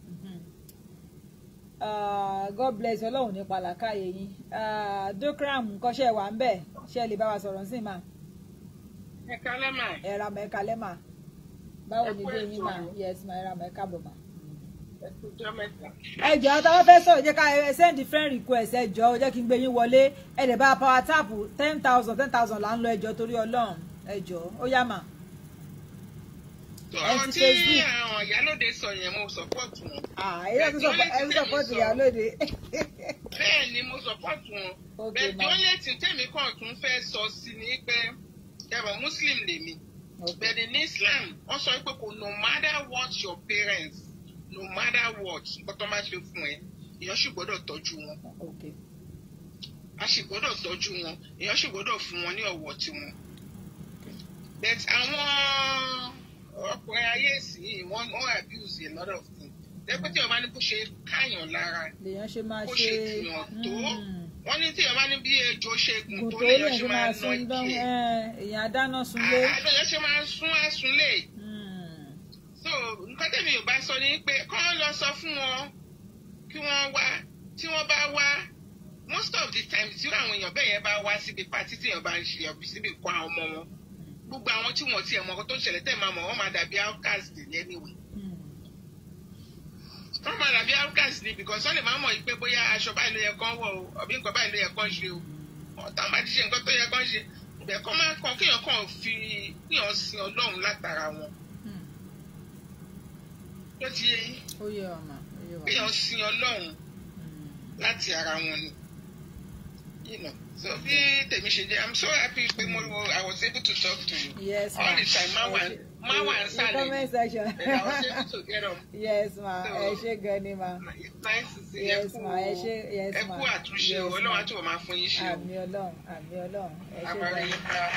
god bless ọlọ́run nípa làkàyè yín uh, dokram kọ́ṣẹ́ wà ń bẹ̀ ṣe lè bá wa sọ̀rọ̀ sí ma. ẹ̀ka lẹ́mà. ẹ̀ra mẹ́ka lẹ́mà. báwo ni dé yín ma yes ma ẹ̀ra mẹ́ka bọ̀ ma ẹjọ́ àtàwọn fẹ́ sọ̀rọ̀ jẹ́ ká ẹ send friend request ẹjọ́ jẹ́ kí n gbé yín wọlé ẹ lè bá power tap ten thousand ten thousand là ń lọ ẹjọ́ torí ọlọ́run ẹjọ́ ó yá mà. ọ̀rọ̀ tí ìyálóde sọ yẹn mo support wọn. ẹ̀yẹ́ tó support ìyálóde. bẹ́ẹ̀ ni mo support wọn bẹ́ẹ̀ tí ó lè tún tèmi kan tún fẹ́ sọ sí ni pé ẹ̀rọ muslim lèmi bẹ́ẹ̀ ni ní islam wọ́n sọ pé kò no matter what your parents no matter what nǹkan tó máa ṣe fún ẹ èèyàn sì gbọ́dọ̀ tọ́jú wọn a sì gbọ́dọ̀ tọ́jú wọn èèyàn sì gbọ́dọ̀ fún wọn ní ọ̀wọ̀ tiwọn but àwọn ọkùnrin ayé sí wọn wọn abuse a lot of things dẹ́pẹ́ tí ọba ní kó ṣe káyàn lára kó ṣe tìyàn hmm. tó wọ́n ní tí ọba ní bí ejò ṣe gùn tó lè yọ ṣe máa ń lọ kí ẹ̀ èèyàn adáná sunlé ah, àlọ́ yẹn ṣe máa sún àsúnlé yìí so nǹkan tẹ̀mí ò bá sọ ni pé kọ́ lọ sọ fún wọn kí wọ́n wá tí wọ́n bá wá most of the time tí àwọn èèyàn bẹ́ẹ̀ yẹn bá wá síbi pàtí tí èèyàn bá ń ṣe ọ̀bì síbi kọ́ àwọn ọmọ wọn gbogbo àwọn tí wọ́n ti ẹ̀mọ́ tó ń ṣẹlẹ̀ tẹ̀ máa mọ̀ wọ́n máa dàbí outcast ní anyway wọ́n máa dàbí outcast ni because wọ́n lè máa mọ̀ yìí pé bóyá aṣọ báyìí ló yẹ kán wọ̀ o àbí nǹkan báyìí ló yẹ kán ṣe o ọ̀tá máa ti ṣe nǹkan tó yẹ kán ṣe ìgbẹ́ kan máa kọ kéèyàn kàn fi kéèyàn sin Ọlọ́run látara wọn ó ti yé yín èèyàn sin ọlọ́run láti ara wọn ni you know so bí tèmi ṣe jẹ i'm so happy pé mo i was able to talk to you yes, all the time ma wa ma wa n sálẹ and i was able to yes ma ẹ ṣé gan ni ma nice yes ma ẹ ṣé yes ma ẹ kú àtúnṣe o ọlọ́run àti wọn máa fún yín ṣe o àmì ọlọ́run àmì ọlọ́run ẹ ṣé gan ni. àbára yín pa ẹ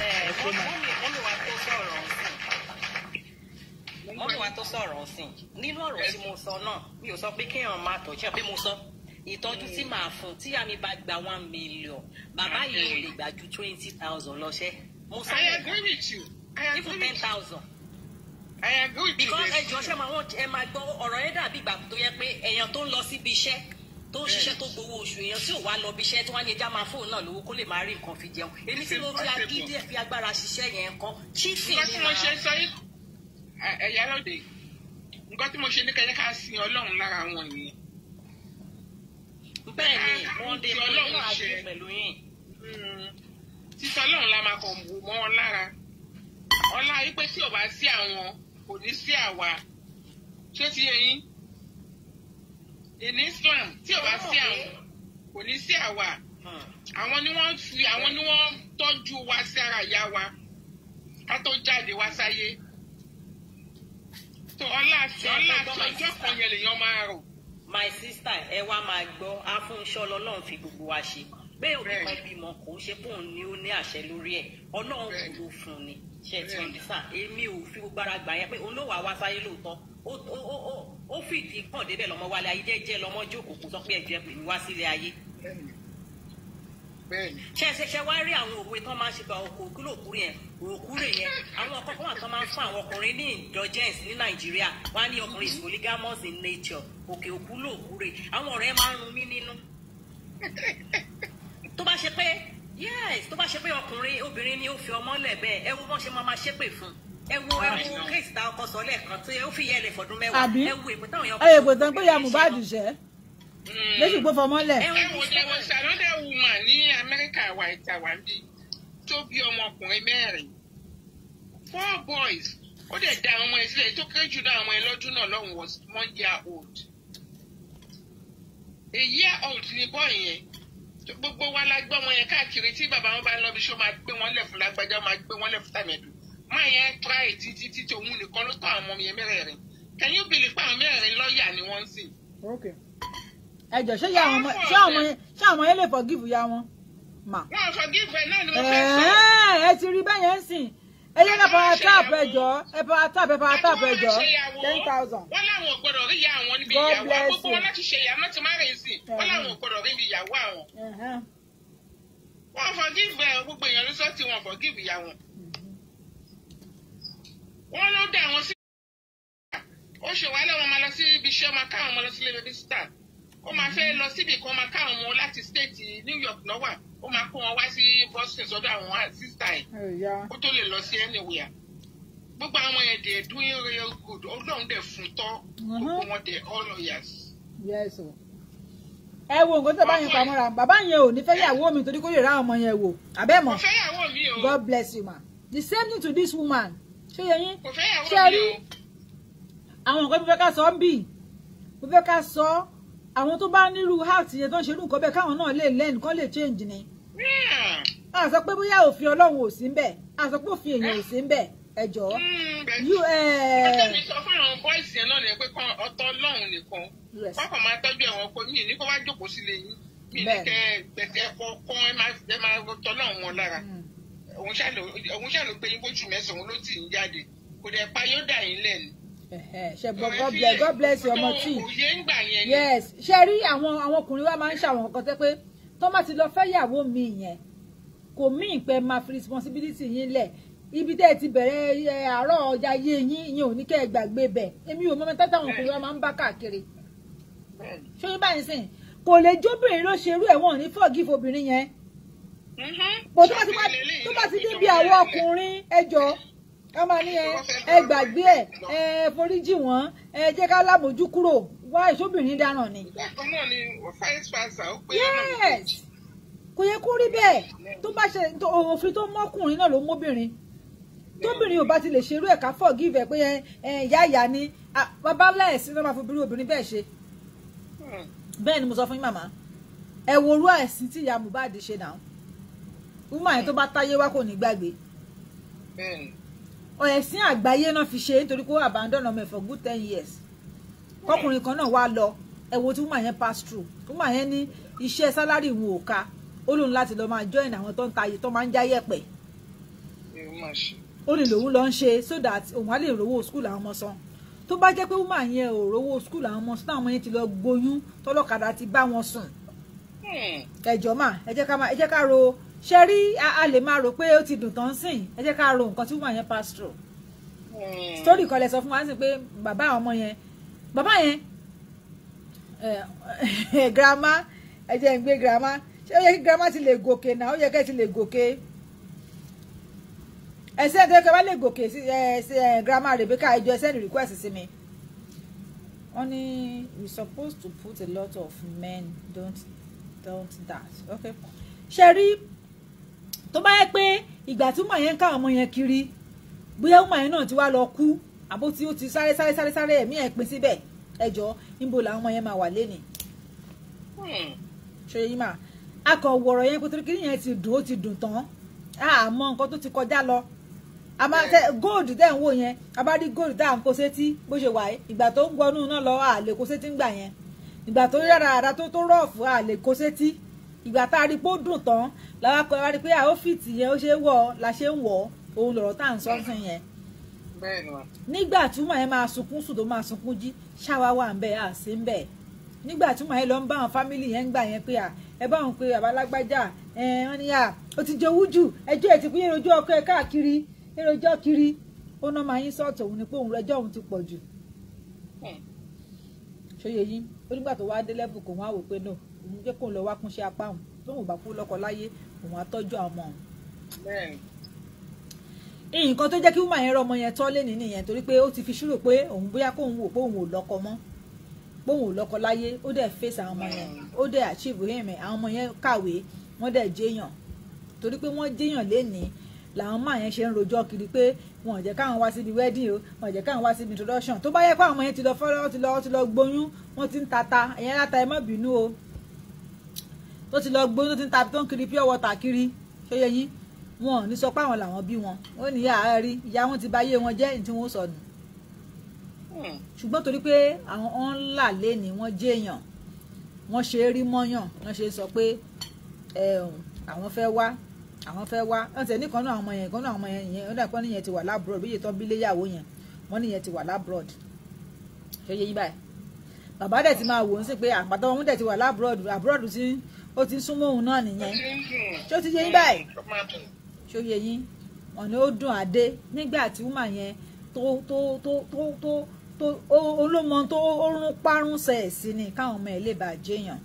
ẹ ẹ wọ́n mi wá tó sọ̀rọ̀ ọ̀hún mọ́mí wa tó sọ̀rọ̀ ọ̀sìn nínú ọ̀rọ̀ tí mo sọ náà mi ò sọ pé kéèyàn máa tọ́jú ẹ̀ pé mo sọ ìtọ́jú tí màá fún tí àmì bá gba one million bàbá yìí lè gbà ju twenty thousand lọ́sẹ̀. mo sọ yẹn I agree with you. I agree with you. ten thousand. I agree with you. because ẹjọ ṣe máa wọn ẹ máa gbọ́ ọ̀rọ̀ yẹn dàbí ìgbà tó yẹ pé èèyàn tó ń lọ síbi iṣẹ́ tó ń ṣiṣẹ́ tó gbowó oṣù èèyàn tí ò wá lọ bí iṣẹ́ tí wọ́n á ní ẹja máa fóònù náà lówó kó lè máa rí nǹkan fi jẹun èmi tí mo fi agídí ẹ̀ fi agbára ṣiṣẹ́ yẹn kan chíìtì ni màá ẹ̀yà lóde nǹkan tí mo ṣe ní kẹ́kẹ́ ká sin ọlọ́run lára wọn nìyẹn. bẹ́ẹ̀ ni wọ́n dé ọlọ́run àti pẹ̀lú yín. Hmm. títí ọlọ́run la máa kàn wò mọ́ wọn lára ọlá wípé tí ò bá sí àwọn kò ní sí àwa ṣé ti yẹ yín in Islam tí ò bá sí àwọn kò ní sí àwa hmm. àwọn ni wọ́n fi àwọn ni wọ́n tọ́jú wa sí ara ìyá wa ká tó jáde wá sáyé so ọlá àti ọlá àti ọjọ́ kan yẹn lèèyàn máa rò. my sister ẹ wá máa gbọ́ afúnṣọ́ lọ́lọ́run fi gbogbo wa ṣe bẹ́ẹ̀ òbí kan bímọ kò ń ṣe bóun ni ó ní àṣẹ lórí ẹ̀ ọlọ́run kò ló fún ni ṣe ti ọ̀dí sà èmi ò fi gbogbo ara gbà yẹn pé òun ló wà wá sáyé lóòótọ́ ó fìdí kàn débẹ̀ lọ́mọ wálé ayé jẹ́jẹ́ lọ́mọ jókòó kó sọ pé ẹ̀jẹ̀ pè mí wá sílé ayé ṣe ṣe ṣe wá rí àwọn òwe tán máa ṣe gba òkú òkúròkúrò yẹn òkúrò yẹn àwọn ọkọ kan tán máa ń fún àwọn ọkùnrin ní indulgence ní nàìjíríà wá ní ọkùnrin polygamous in nature òkè òkúrò àwọn ọ̀rẹ́ máa ń run mí nínú. tó bá ṣe pé yes tó bá ṣe pé ọkùnrin obìnrin ni ó fi ọmọ lẹ̀ bẹ́ẹ̀ ẹ wo bọ́n ṣe máa máa ṣépè fún ẹ wo ẹ wo kéèsì tá ọkọ sọ lẹ́ẹ̀kan tó yẹ ó fi yẹ fọdún mẹ́wàá ẹ wo èpè táwọn yẹn ọkọ sọ. ẹ èpè tán pé ya Mohbad jẹ́ lẹ́sùn gbófo mọ́lẹ̀. ẹ wò ni mo ṣàlọ́dẹ̀ wùmà ní amẹ́ríkà wa ìta wa bí tó bí ọmọkùnrin mẹ́rin four boys ó dẹ̀ da ọmọ ẹ sílẹ̀ tó kéré jù náà ọmọ ẹ lọ́dún náà lọ́hùn was one year old a year old ni bọ́ọ̀ yẹn gbogbo wa la gbọ́ wọn yẹn káàkiri tí bàbá wọn bá ń lọ bí ṣó máa gbé wọn lẹ̀ lágbájá máa gbé wọn lẹ̀ tàmẹ̀dù máa yẹn try títí títí òun nìkan ló tọ́ àwọn ọmọ yẹn mẹ́rẹ̀ẹ̀rin can you believe pé àwọn mẹ́rẹ̀ẹ̀rin lọ́ọ̀yà ni wọ́n ń sìn ẹ jọ ṣé ya àwọn ṣé àwọn yẹn lè forgive ya wọn mà. wọn ò forgive ẹ náà ni wọn fẹẹ sọ. ẹ ti rí bẹ́ẹ̀ yẹn sìn ẹ yẹn náà para tap ẹ jọ ẹ para tap ẹ para tap ẹ jọ ten thousand. wọn làwọn ò gbọ́dọ̀ rí ìyá àwọn níbi ìyàwó àgbógbó wọn láti ṣe ìyá mọ́tò márùn-ún sí wọn làwọn ò gbọ́dọ̀ rí ibi ìyàwó àwọn. wọn forgive ẹ gbogbo èèyàn ló sọ ti wọn forgive ìyá wọn. Mm-hmm. wọn ló dá àwọn sí ó ṣe wàhálà wọn máa lọ sí ibi iṣẹ́ máa káwọn máa lọ sí ilé bẹ́bí sítáà ó máa fẹ́ lọ síbi kan máa káwọn ọmọ láti stéètì New York náà wà ó máa kó wọn wá sí Boston sọ́dọ̀ àwọn sísá ẹ̀ kó tó lè lọ sí anywhere gbogbo àwọn yẹn dẹ̀ dún real good ọlọ́run dẹ̀ fún tọ́ uh-huh. gbogbo wọn dẹ̀ all lawyers. yes o ẹ wo nǹkan tó bá yẹn pamọ́ra bàbá yẹn ò ní fẹ́ yàwó mi torí kó lè ra ọmọ yẹn wò àbẹ́ mọ̀ God bless you ma the same thing to this woman ṣé yẹn yín ṣé rí àwọn nǹkan tó fẹ́ ká sọ ń bì tó fẹ́ ká sọ ọ́ àwọn tó bá nírú heart yẹn tó ń ṣerú nǹkan bẹ́ẹ̀ káwọn náà lè learn kán lè change ni. Hmm. a sọ pé bóyá òfin ọlọ́run ò sí ń bẹ̀ a sọ pé òfin èèyàn ò sí ń bẹ̀ ẹ jọ. ọjọ́ hmm, eh. mi sọ fún àwọn bọ́ìsì yẹn náà pé kán ọ̀tọ̀ ọlọ́run nìkan kọ́kọ́ máa tọ́jú àwọn ọkọ mi ní kó wá jókòó sílé yín mi ní kẹ́ ẹ kọ́ ẹ máa tọ́lọ́run wọn lára hmm. òun ṣàlò yín bójú mẹ́sàn-án ló tì ń jáde kò dẹ̀ pa yóò dà yín lẹ́nu ṣe gbọ́ god bless god bless your ọmọ tí yes ṣe rí àwọn àwọn ọkùnrin wa máa ń ṣàwọn nǹkan tẹ́ pé tó má ti lọ fẹ́ yàwó mi yẹn kò mí ìpẹ́ máa fi responsibility yín lẹ̀ ibi tẹ́ ẹ ti bẹ̀rẹ̀ àárọ̀ ọjà yé yín yín ò ní kẹ́ ẹ gbàgbé bẹ̀ èmi ò mọ́mọ́ tẹ́tà àwọn ọkùnrin wa máa ń bá káàkiri ṣóyún báyìí sìn kò lè jóbìnrin ló ṣerú ẹ̀ wọ́n ò ní forgive obìnrin yẹn bó tó bá ti débi àwọn ọkùnrin ẹjọ́ ká máa ní ẹ gbàgbé ẹ ẹ foríjì wọn ẹ jẹ́ ká lábòjú kúrò wá ìṣóbìnrin dáràn ni. bákan náà ni vice versa ó pé yes kò yẹ kó rí bẹ́ẹ̀ tó bá ṣe òfin tó mọ́kùnrin náà ló mọ́bìnrin tóbìnrin ò bá ti lè ṣerú ẹ̀ ká forgive ẹ̀ pé ìyá ìyá ni bàbá láìsí ló máa fi obìnrin obìnrin bẹ́ẹ̀ ṣe hmm. bẹ́ẹ̀ ni mo sọ fún yín màmá ẹ wo orú ẹ̀sìn tí ìyá Mohbad ṣe náà wúmọ̀ yẹn bá táyé wá kò ní gbàgbé ẹ̀sìn àgbáyé náà fi ṣe nítorí kó abandon ọmọ ẹ̀ for good ten years kọkùnrin kan náà wá lọ ẹ wo tí woman yẹn pass through woman yẹn ní iṣẹ́ sálárì wọn ò ka ó lóun láti lọ máa join àwọn tó ń ta ayé tó máa ń jáyé pẹ̀ ó ní lòun lọ ń ṣe so that òun á lè rówó school àwọn ọmọ san tó bá jẹ́ pé woman yẹn ò rówó school àwọn ọmọ san táwọn yẹn ti lọ gboyún tọ́lọ́kadà ti bá wọn sùn hmm. ẹ̀jọ̀ mà ẹ ká ro ṣe rí a lè máa rò pé ó ti dùn tán sìn ẹ jẹ́ ká ro nǹkan tí wọ́n yẹn pass through hmm. story kan lẹ sọ fún wa sí pé bàbá ọmọ yẹn bàbá yẹn eh, grandma ẹ jẹ́ ń gbé grandma ṣé ó yẹ kí grandma ti lè gòkè náà ó yẹ kẹ́ ti lè gòkè ẹsẹ ẹ tẹ́lẹ̀ kẹ́ bá lè gòkè sí ẹ grandma Rebecca ẹ jọ̀ọ́ ẹ send request sí mi wọ́n ní we supposed to put a lot of men don't don't that okay ṣe rí tó bá yẹ pé ìgbà tí mọ̀ yẹn ń ká ọmọ yẹn kiri bóyá ọmọ yẹn náà ti wá lọ kú àbó tí ó ti sáré sáré sáré sáré ẹ̀mí ẹ̀ pin síbẹ̀ ẹjọ́ níbo làwọn ọmọ yẹn máa wà lẹ́nì. ṣòye yìí mà a kàn wọ̀rọ̀ yẹn pété kí yẹn ti dùn ó ti dùn tán àmọ́ nǹkan tó ti kọjá lọ àmọ́ gold tẹ́ ń wò yẹn a bá rí gold tá à ń kó sétí bó ṣe wà ìgbà tó ń gbọnú náà lọ àlè kó sétí ń gbà yẹn ìgbà tó yára àrà tó tó rọ̀ọ̀fù àlè kó sétí ìgbà tá a rí pé ó dùn tán làwa kọ wá rí pé àófìtì ah, yẹn ó ṣe é wọ̀ la ṣe ń wọ̀ òun lọ̀rọ̀ tá à ń sọ fún yẹn. nígbà tí màá yẹn máa sunkún sùn tó máa sunkún jí ṣáwa wà ń bẹ à sí ń bẹ nígbà tí màá yẹn lọ ń bá àwọn fámìlì yẹn ń gbà yẹn pé à ẹ bá wọn pé àbálágbájá ẹ wọn ni à ó ti jowú jù ẹjọ́ ẹ ti pín èròjọ ọkọ ẹ káàkiri èròjọ kiri ó ná máa yín sọ́ọ̀tọ̀ òun ni pé òun rẹjọ́ òun ti pọ̀ jù hmm. ṣóye yín onígbà tó wá dé lẹ́bù kò wọ́n wò pé náà òun jẹ́ kó lọ wá kúnṣẹ́ apá òun tó òun bá kú lọ́kọ láyé òun á tọ́jú òun. nǹkan tó jẹ́ kí wúmà yẹn rọ yẹn tọ́ lẹ́ni nìyẹn torí pé ó ti fi ṣírò pé òun bóyá kóun wò pé òun ò lọ́kọ mọ́ pé òun ò lọ́kọ láyé ó dẹ̀ face àwọn ọmọ yẹn ó dẹ̀ achieve him àwọn ọmọ yẹn kàwé wọ́n dẹ̀ jẹ́yàn torí pé wọ́n jẹ́yàn lénìí làwọn máa yẹn ṣe ń rojọ́ kiri pé wọn jẹ́ káwọn wá síbi wedding o wọn jẹ́ káwọn wá síbi introduction tó bá yẹ pé àwọn yẹn ti lọ fọ́lọ́ ti lọ gbóyún wọ́n ti ń tata ẹ̀yẹn láta ẹ má bínú o tó ti lọ gbóyún tó ti ń ta tó ń kiri pure water kiri ṣó yẹ yín wọn ò ní sọ pé àwọn làwọn bí wọn ó ní ààrẹ rí ìyá wọn ti bà ayé wọn jẹ́ ní tí wọ́n sọ nù hmm. ṣùgbọ́n torí pé àwọn ọ̀nlà lẹ́ni wọ́n jẹ́ èèyàn wọ́n ṣe é rí mọ́yàn wọ́n ṣe é sọ pé àwọn fẹ́ wá àwọn fẹ́ wá wọ́n tẹ̀ níkan náà àwọn ọmọ yẹn kan náà àwọn ọmọ yẹn yẹn ó dàpọ̀ nìyẹn ti wà lábúrò bí yìí tán bí léyàwó yẹn wọ́n nìyẹn ti wà lábúrò ṣe yé yí báyìí bàbá dẹ̀ ti máa wò ó sí pé àpàtàwọn dẹ̀ ti wà lábúrò àbúrò ti ó ti súnmọ́ òun náà nìyẹn ṣó ti yé yín báyìí ṣó yé yín ọ̀nà ó dùn àdé nígbà tí wúmà yẹn tó tó tó tó tó tó olómọ tó rún párún sẹ̀ẹ̀sì ni káwọn ọmọ ẹ̀ lè bà jẹ́yàn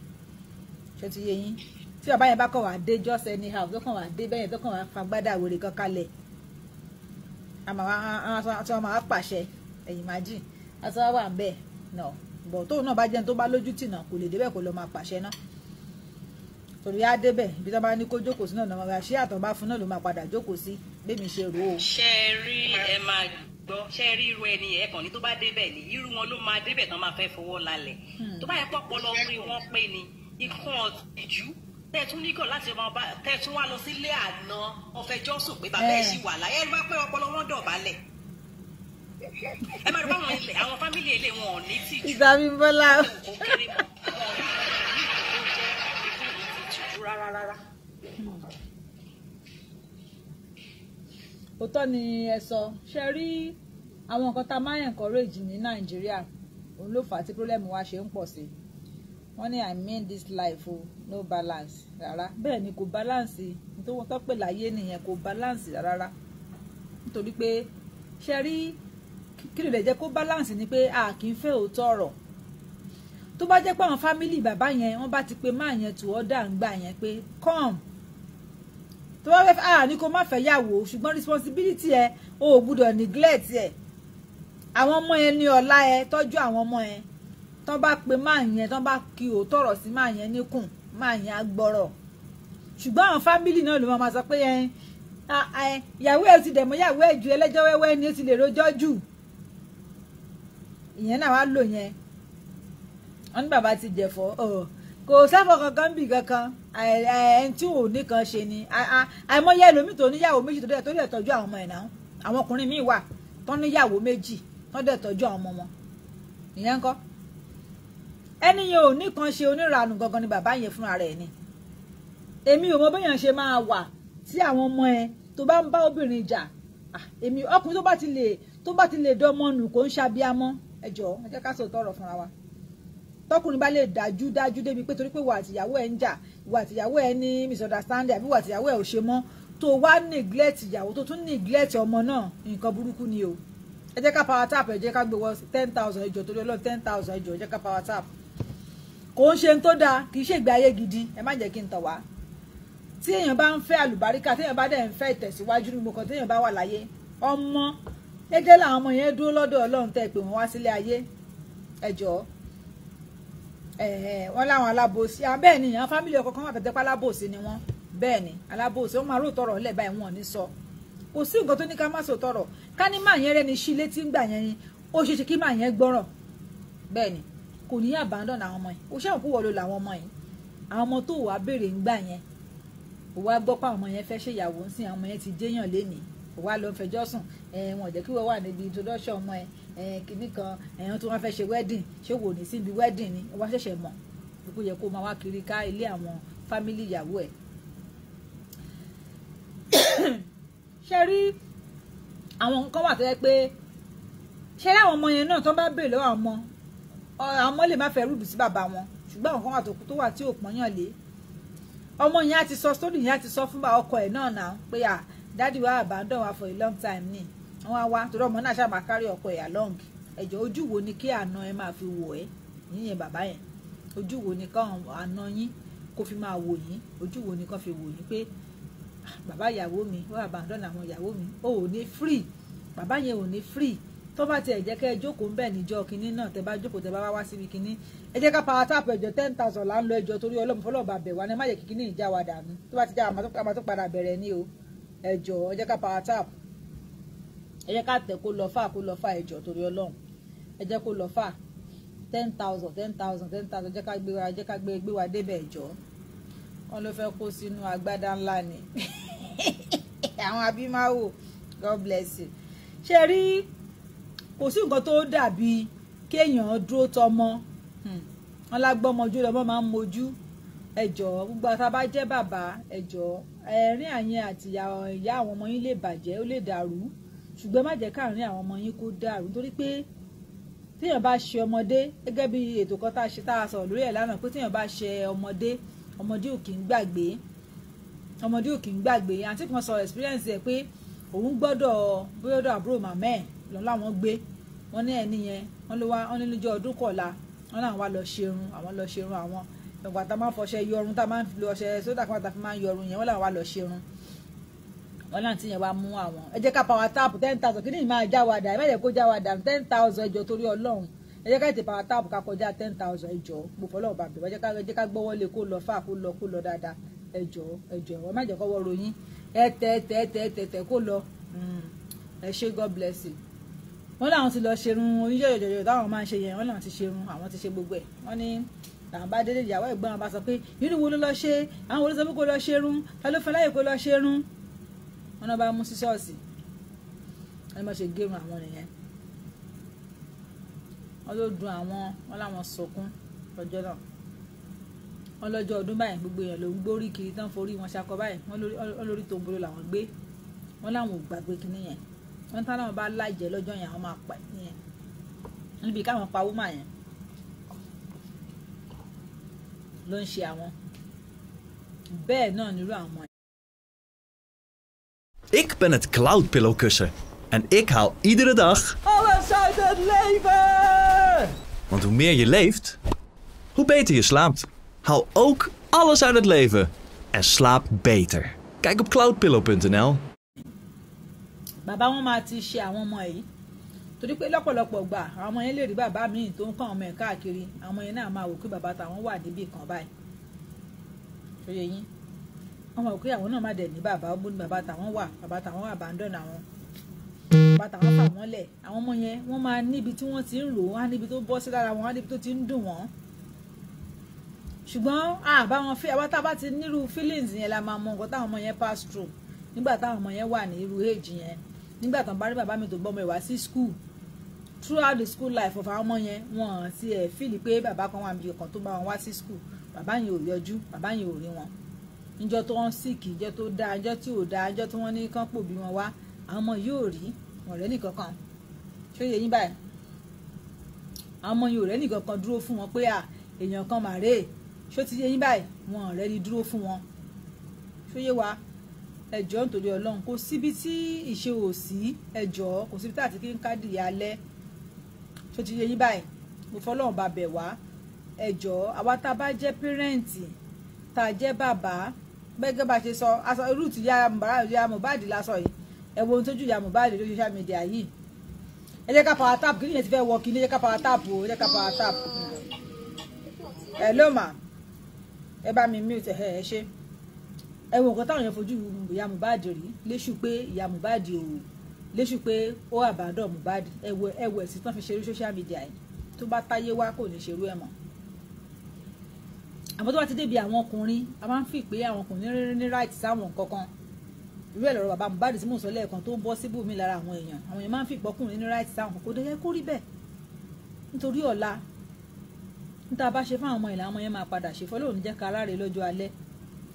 ṣó ti yé yín tí bàbá yẹn bá kàn wá dé just anyhow tó kàn wá dé bẹ́yẹn tó kàn wá fagbádà wèrè kan kalẹ̀ àmọ́ àwọn pàṣẹ ẹ̀yìn máa jìn àti wá wà bẹ́ẹ̀ náà bọ̀ tóun náà bá jẹun tó bá lójú tì náà kò lè débẹ̀ kó lọ́ọ́ máa pàṣẹ náà torí á débẹ̀ ibi tó bá ní kó jókòó sí náà náà máa ṣe àtàn bá fún náà ló máa padà jókòó sí bẹ́ẹ̀mi ṣe rò ó. ṣe rí ẹ máa gbọ́ ṣe rí irú ẹni ẹ̀kàn ní tó bá débẹ̀ ni irú wọn ló máa débẹ̀ tán máa fẹ́ fọwọ́ lálẹ̀ hmm. tó bá yẹ pọ̀ pọ̀ lọ pé wọ́n pé ni ikán ìjú tẹ̀tún nígọ̀ láti máa bá tẹ̀tún wá lọ sílé àná ọ̀fẹ́jọ́ sùn pé bàbá ẹ̀ eh. sì wà láyé ẹ bá pẹ́ ọpọlọ wọn dọ̀bálẹ̀ ẹ máa rí báwọn ilẹ̀ àwọn fámìlì ilé wọn ò ní tìjú. ìdàmíbọ́lá rárá rárá. òótọ́ ni ẹ sọ ṣe rí àwọn nǹkan tá a máa ń encourage ní nàìjíríà òun ló fà á tí problem wa ṣe ń pọ̀ sí i wọ́n ní i mean this life o no balance rárá bẹ́ẹ̀ ni kò balance nítorí wọ́n tọ́pẹ̀ láyé nìyẹn kò balance rárá nítorí pé ṣe rí kí ló lè jẹ́ kó balance ni pé a kì í fẹ́ òótọ́ ọ̀rọ̀ tó bá jẹ́ pé àwọn fámìlì bàbá yẹn wọ́n bá ti pe máa yẹn tù ọ́dà ń gbà yẹn pé come tó bá fẹ́ fẹ́ àní ah, kó má fẹ́ yàwó ṣùgbọ́n responsibility ẹ o ò gbúdọ̀ neglect ẹ àwọn ọmọ yẹn ní ọ̀la ẹ tọ́jú àwọn ọmọ yẹn tó bá pe máa yẹn tó bá kí o tọ̀rọ̀ sí máa yẹn níkùn máa yẹn á gbọ́rọ̀ ṣùgbọ́n àwọn fámìlì náà ló máa sọ pé ìyàwó ẹ ti dẹ̀mọ́ ìyàwó ẹ ju ẹlẹ́jọ́ wẹ́wẹ́ ni ó ti lè rojọ́ jù ìyẹn náà wá lò yẹn wọn ní bàbá ti jẹ̀fọ́ kò sẹ́fọ̀ kankan bì kankan ẹni tí ò ní kan ṣe ni àìmọye ẹlòmíì tó níyàwó méjì tó dẹ̀ tó dẹ̀ tọ́jú àwọn ọmọ ẹ̀ náà àwọn ọkùnrin míì wà tó níyàwó méjì tó dẹ̀ tọ́jú àwọn ọmọ wọn ìyẹn ń kọ́ ẹni yẹn ò ní kan ṣe oníranù gangan ni bàbá yẹn fúnra rẹ̀ ni èmi ò mọ bẹ́yàn ṣe máa wà tí àwọn ọmọ ẹ tó bá ń bá obìnrin jà èmi ọkùnrin tó bá ti lè tó bá ti lè dánmọ́nù kò ń ṣàbíamọ́ ẹjọ́ ẹ jẹ́ ká sọ tọrọ fúnra wa tọkùnrin bá lè dájú dájú débi pé torí pé wà àtìyàwó ẹ ń jà wà àtìyàwó ẹ ní misunderstanding àbí wà àtìyàwó ẹ ò ṣe mọ́ tó wá neglect ìyàwó tó tún neglect ọmọ náà nǹkan burúkú ni o ẹ jẹ́ ká power tap ẹ jẹ́ ká gbé ten thousand ẹjọ́ torí ọlọ́run ten thousand ẹjọ́ ẹ jẹ́ ká power tap kò ń ṣe tó dáa kì í ṣe ìgbé ayé gidi ẹ má jẹ́ kí n tàn wá tí èèyàn bá ń fẹ́ àlùbáríkà tí èèyàn bá dẹ̀ ń fẹ́ ìtẹ̀síwájú nínú kan tí èèyàn bá wà láyé ọmọ gẹ́gẹ́ làwọn ọmọ yẹn dúró lọ́dọ̀ ọlọ́run tẹ́ pé wọ́n wá sílé ayé ẹ jọ̀ọ́ wọ́n láwọn alábòsí ah, bẹ́ẹ̀ ni àwọn fámìlì ọkọ̀ kan wà fẹ́ẹ́ tẹ́pá alábòsí ni wọ́n bẹ́ẹ̀ ni alábòsí ó máa rò tọrọ lẹ̀ báyìí wọn ò ní sọ kò sí nǹkan tó ní ká má sọ tọrọ ká ní máa yẹn rẹni sí létí ń gbà yẹn ni ó ṣeéṣe kí máa yẹn gbọ́rọ̀ bẹ́ẹ̀ ni kò ní abandon àwọn ọmọ yìí ó ṣàwọn kó wọlé làwọn ọmọ yìí àwọn ọmọ tó wàá béèrè ń gbà yẹn ò wá gbọ́ pé àwọn ọmọ yẹn fẹ́ ṣèyàwó ń sìn àwọn ọmọ yẹn ti jẹ́yàn lénìí ò lọ fẹjọ́ sùn ẹ̀ wọ́n jẹ́ kí wọ́n wà níbi introduction ọmọ yẹn kìnnì kan ẹ̀yàn tó wá fẹ́ ṣe wedding ṣé wò ní síbi wedding ni wọ́n ṣẹ̀ṣẹ̀ mọ̀ kó yẹ kó máa wá kiri ká ilé àwọn fámìlì ìyàwó ẹ̀. ṣe rí àwọn nǹkan wà tó yẹ pé ṣe rí àwọn ọmọ yẹn náà tó bá béèrè lọ́wọ́ àwọn ọmọ àwọn ọmọ lè má fẹ́ rúdù sí bàbá wọn ṣùgbọ́n àwọn kan wà tó wà tí ò pọ́nyàn lé ọmọ yẹn á ti sọ sórí yẹn á ti sọ fún ọkọ ẹ̀ náà náà pé à dáàdi wa abandon wa for a long time ni wọ́n á wá torí ọmọ náà ṣáà máa kárí ọkọ ẹ̀ along ẹ̀jọ̀ ojú wo ni kí àna ẹ máa fi wò ẹ́ yíyan bàbá yẹn ojú wo ni káwọn àna yín kó fi máa wò yín ojú wo ni kán fi wò yín pé ah, bàbá ìyàwó mi wọ́n àbàdàn àwọn ìyàwó mi ò ní free bàbá yẹn ò ní free tó bá tiẹ̀ jẹ́ kẹ́ ẹ jókòó ńbẹ̀ níjọ́ kínní náà tẹ́ bá jókòó tẹ́ bá wá wá síbi kínní ẹ jẹ́ ká para táàpù ẹ̀jọ̀ ten thousand là ń lọ ẹjọ́ torí ọlọ́run fọlọ́ọ̀bà bẹ̀ wá ní má yẹ kí kínní ìjà wa dànù tó bá ti já àmà tó padà bẹ̀rẹ̀ ní o ẹjọ́ ẹ jẹ́ ká para táàpù ẹ jẹ́ ká tẹ̀ kó lọ fà kó lọ fà ẹjọ́ torí ọlọ́run ẹ jẹ́ kó lọ fà ten thousand ten thousand ten thousand jẹ́ ká gbé wa jẹ́ ká gbé gbé wa débẹ̀ ẹjọ́ wọn ló fẹ́ kó sínú agbádá ńlá ni àwọn abimáwò god bless you ṣe rí kò sí nǹkan tó dàbí kéèyàn dúró tọmọ hmm. wọn lágbọ́mọjú lọmọ máa ń mojú ẹjọ́ gbogbo àtà bá jẹ́ bàbá ẹjọ́ ẹ̀rín àyẹn àti ìyá àwọn ọmọ yín lè bàjẹ́ ó lè dàrú ṣùgbọ́n má jẹ́ káàrin àwọn ọmọ yín kó dàrú nítorí pé téèyàn bá ṣe ọmọdé gẹ́gẹ́ bí ètò kan tá a ṣe tá a sọ̀rọ̀ lórí ẹ̀ lánàá pé téèyàn bá ṣe ọmọdé ọmọdé ò kì í gbàgbé ọmọdé ò kì í gbàgbé àǹtí kan sọ experience ẹ̀ pé òun gbọ́dọ̀ bóyọ́dọ̀ àbúrò màmá ẹ̀ lọ láwọn gbé wọn ní ẹni yẹn wọn ló wá wọn ní lójú ọdún kọ̀la wọn náà wá lọ ṣerun àwọn lọ ṣerun àwọn ìgbà tá a máa fọṣẹ yọrun tá a máa fi lọ ọṣẹ sódà kan tá a fi máa yọrun yẹn wọn làwọn wá lọ ṣerun ọlọ́run tí yẹn wá mú àwọn ẹ jẹ́ ká power tap ten thousand kí ni ìmáa já wa dà ẹ má jẹ́ kó já wa dà ten thousand ẹjọ́ torí ọlọ́run ẹ jẹ́ ká ètè power tap ká kọjá ten thousand ẹjọ́ gbogbo ọlọ́run bàbá ẹ jẹ́ ká gbọ́wọ́ lé kó lọ fà kó lọ kó lọ dáadáa ẹjọ́ ẹjọ́ ẹ má jẹ́ kọ́wọ́ ròyìn ẹ tẹ ẹ tẹ ẹ tẹ ẹ tẹ kó lọ hmm. ẹ ṣé god bless you wọ́n làwọn ti lọ ṣerun oníjọjọjọjọ táwọn máa ń ṣe yẹn wọ́n làwọn ti ṣerun àwọn ti ṣe gbogbo ẹ̀ wọ́n ní làwọn bá délé ìyàwó ẹ̀gbọ́n wọn bá sọ pé yìí ni wo ló lọ ṣe àwọn wo ló sọ pé kó lọ ṣerun ta ló fẹ́ láyè kó lọ ṣerun wọn náà bá mú sí ṣọ́ọ̀ṣì wọn bá ṣe gérun àwọn nìyẹn wọn ló dun àwọn wọn láwọn sọkún lọ́jọ́ náà wọn lọ́jọ́ ọdún báyìí gbogbo èèyàn ló ń gbórí kiri tán forí wọn ṣakọ báyìí wọn lórí tó ń bolo làwọn gbé wọn láwọn ò gbàgbé kinní yẹn wọn tán láwọn bá láìjẹ lọ́jọ́ yẹn àwọn máa pa yẹn níbi káwọn pa wúmà yẹn ló ń ṣe àwọn bẹ́ẹ̀ náà nírú àwọn Ik ben het Cloud Pillow kussen. En ik haal iedere dag... Alles uit het leven! Want hoe meer je leeft, hoe beter je slaapt. Haal ook alles uit het leven. En slaap beter. Kijk op cloudpillow.nl Baba, wọn máa ti ṣe àwọn ọmọ yìí torí pé lọ́pọ̀lọpọ̀ gbà àwọn ọmọ yẹn lè rí bàbá míì tó ń kàn ọmọ ẹ̀ káàkiri àwọn ọmọ yẹn náà máa wò pé bàbá tàwọn wà níbì kan báyìí. wọ́n mọ̀ pé àwọn náà má dẹ̀ ní bàbá ó bó ní bàbá tàwọn wà bàbá tàwọn wà abandon àwọn bàbá tàwọn fà wọ́n lẹ̀ àwọn ọmọ yẹn wọ́n máa níbi tí wọ́n ti ń rò wọ́n á níbi tó bọ́ sí lára wọn á níbi tó ti ń dùn wọ́n ṣùgbọ́n àbá wọn fi àwọn tá a bá ti nírú feelings yẹn la máa mọ nǹkan táwọn ọmọ yẹn pass through nígbà táwọn ọmọ yẹn wà ní irú age yẹn nígbà tán bá rí bàbá mi tó gbọ́mọ ìwà sí school throughout the school life of àwọn ọmọ yẹn wọn ti ẹ̀ feel pé bàbá kan wà níbi kan tó bá wọn wá sí school bàbá yẹn ò yọjú bàbá yẹn ò rí wọn níjọ́ tó ń sìkì níjọ́ tó dáa níjọ́ tí ò dáa níjọ́ tí wọ́n ní kán pò bí wọn wá àwọn ọmọ yóò rí ọ̀rẹ́ nìkan kan ṣó yẹ yín báyìí àwọn ọmọ yóò rẹ́ nìkan kan dúró fún wọn pé à èèyàn kan màrè ṣó ti yẹ yín báyìí wọn ọ̀rẹ́ ni dúró fún wọn ṣó yé wa ẹjọ́ nítorí ọlọ́run kò síbi tí ìṣe ò sí ẹjọ́ kò síbi tí àti kí n kádì alẹ́ ṣó ti yẹ yín báyìí mo fọlọ́run bá bẹ̀ wá ẹjọ́ àwa tá a bá jẹ́ pẹ́rẹ́ǹtì tá a jẹ́ bàbá gbẹgẹ bá ṣe sọ aṣọ irú ti ya Mohbad ya Mohbad lásọ yìí ẹ wo ohun tójú ya Mohbad lórí social media yìí ẹ jẹ́ ká power tap kí nìyẹn ti fẹ́ wọ kí ní ẹ jẹ́ ká power tap o ẹ jẹ́ ká power tap ẹ ló mà ẹ bá mi mute ẹ ẹ ṣe ẹ wo nǹkan táwọn yẹn fojú ìyá Mohbad rí léṣù pé ìyá Mohbad ò léṣù pé ó àbádọ Mohbad ẹ wo ẹ wo ẹsìn tán fi ṣerú social media yìí tó bá táyé wá kò ní ṣerú ẹ mọ́ àmọ́ tó bá ti débi àwọn ọkùnrin a máa ń fi pé àwọn ọkùnrin ní right sáwọn kankan irú ẹ̀ lọ́rọ̀ bàbá Mohbad tí mò ń sọ lẹ́ẹ̀kan tó ń bọ́ síbù mí lára àwọn èèyàn àwọn èèyàn máa ń fi ìpọ́kùnrin ní right sáwọn kankan kò dẹ́yẹ kó rí bẹ́ẹ̀ nítorí ọ̀la níta bá ṣe fún àwọn ọmọ ìlànà yẹn máa padà ṣe fọlọ́ òní jẹ́ ká aláre lọ́jọ́ alẹ́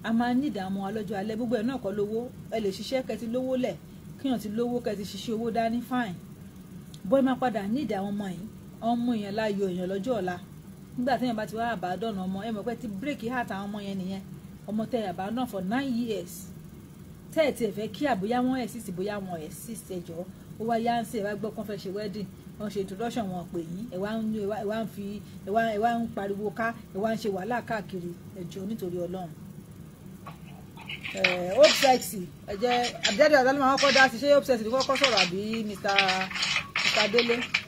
a máa ní ìdààmú alọ́jọ́ alẹ́ gbogbo ẹ̀ náà kọ́ lówó ẹ lè ṣiṣẹ́ kẹ́ ti lówó lẹ̀ kíyàn ti lówó kẹ́ ti ṣiṣẹ́ owó dání fáìn bọ́ ẹ máa padà ní ìdààmú ọmọ yìí ọmọ èèyàn láyọ̀ èèyàn lọ́jọ́ ọ̀la nígbà téèyàn bá ti wá àbádọ́nà ọmọ ẹ mọ̀ pé ti bírèkì heart àwọn ọmọ yẹn nìyẹn ọmọ tẹ àbádọ́nà for nine years tẹ́ ẹ̀ tiẹ̀ fẹ́ kí àbóyá wọn exist bóyá wọn exist ẹ̀jọ́ ó wá yá ń sè é wá gbọ́ kán fẹ́ ṣe wedding wọ́n ṣe introduction wọn pè yín ẹ̀ wá ń fi ẹ̀ wá ń pariwo ká ẹ̀ wá ń ṣe wàhálà káàkiri ẹ̀jọ́ nítorí ọlọ́run hope sexy ẹ̀jẹ̀ àbíjáde àdálùmọ̀ àwọn kọ́ dá sí ṣé hope sexy ló kọ́kọ́ sọ̀rọ̀ àbí Mr. Délé.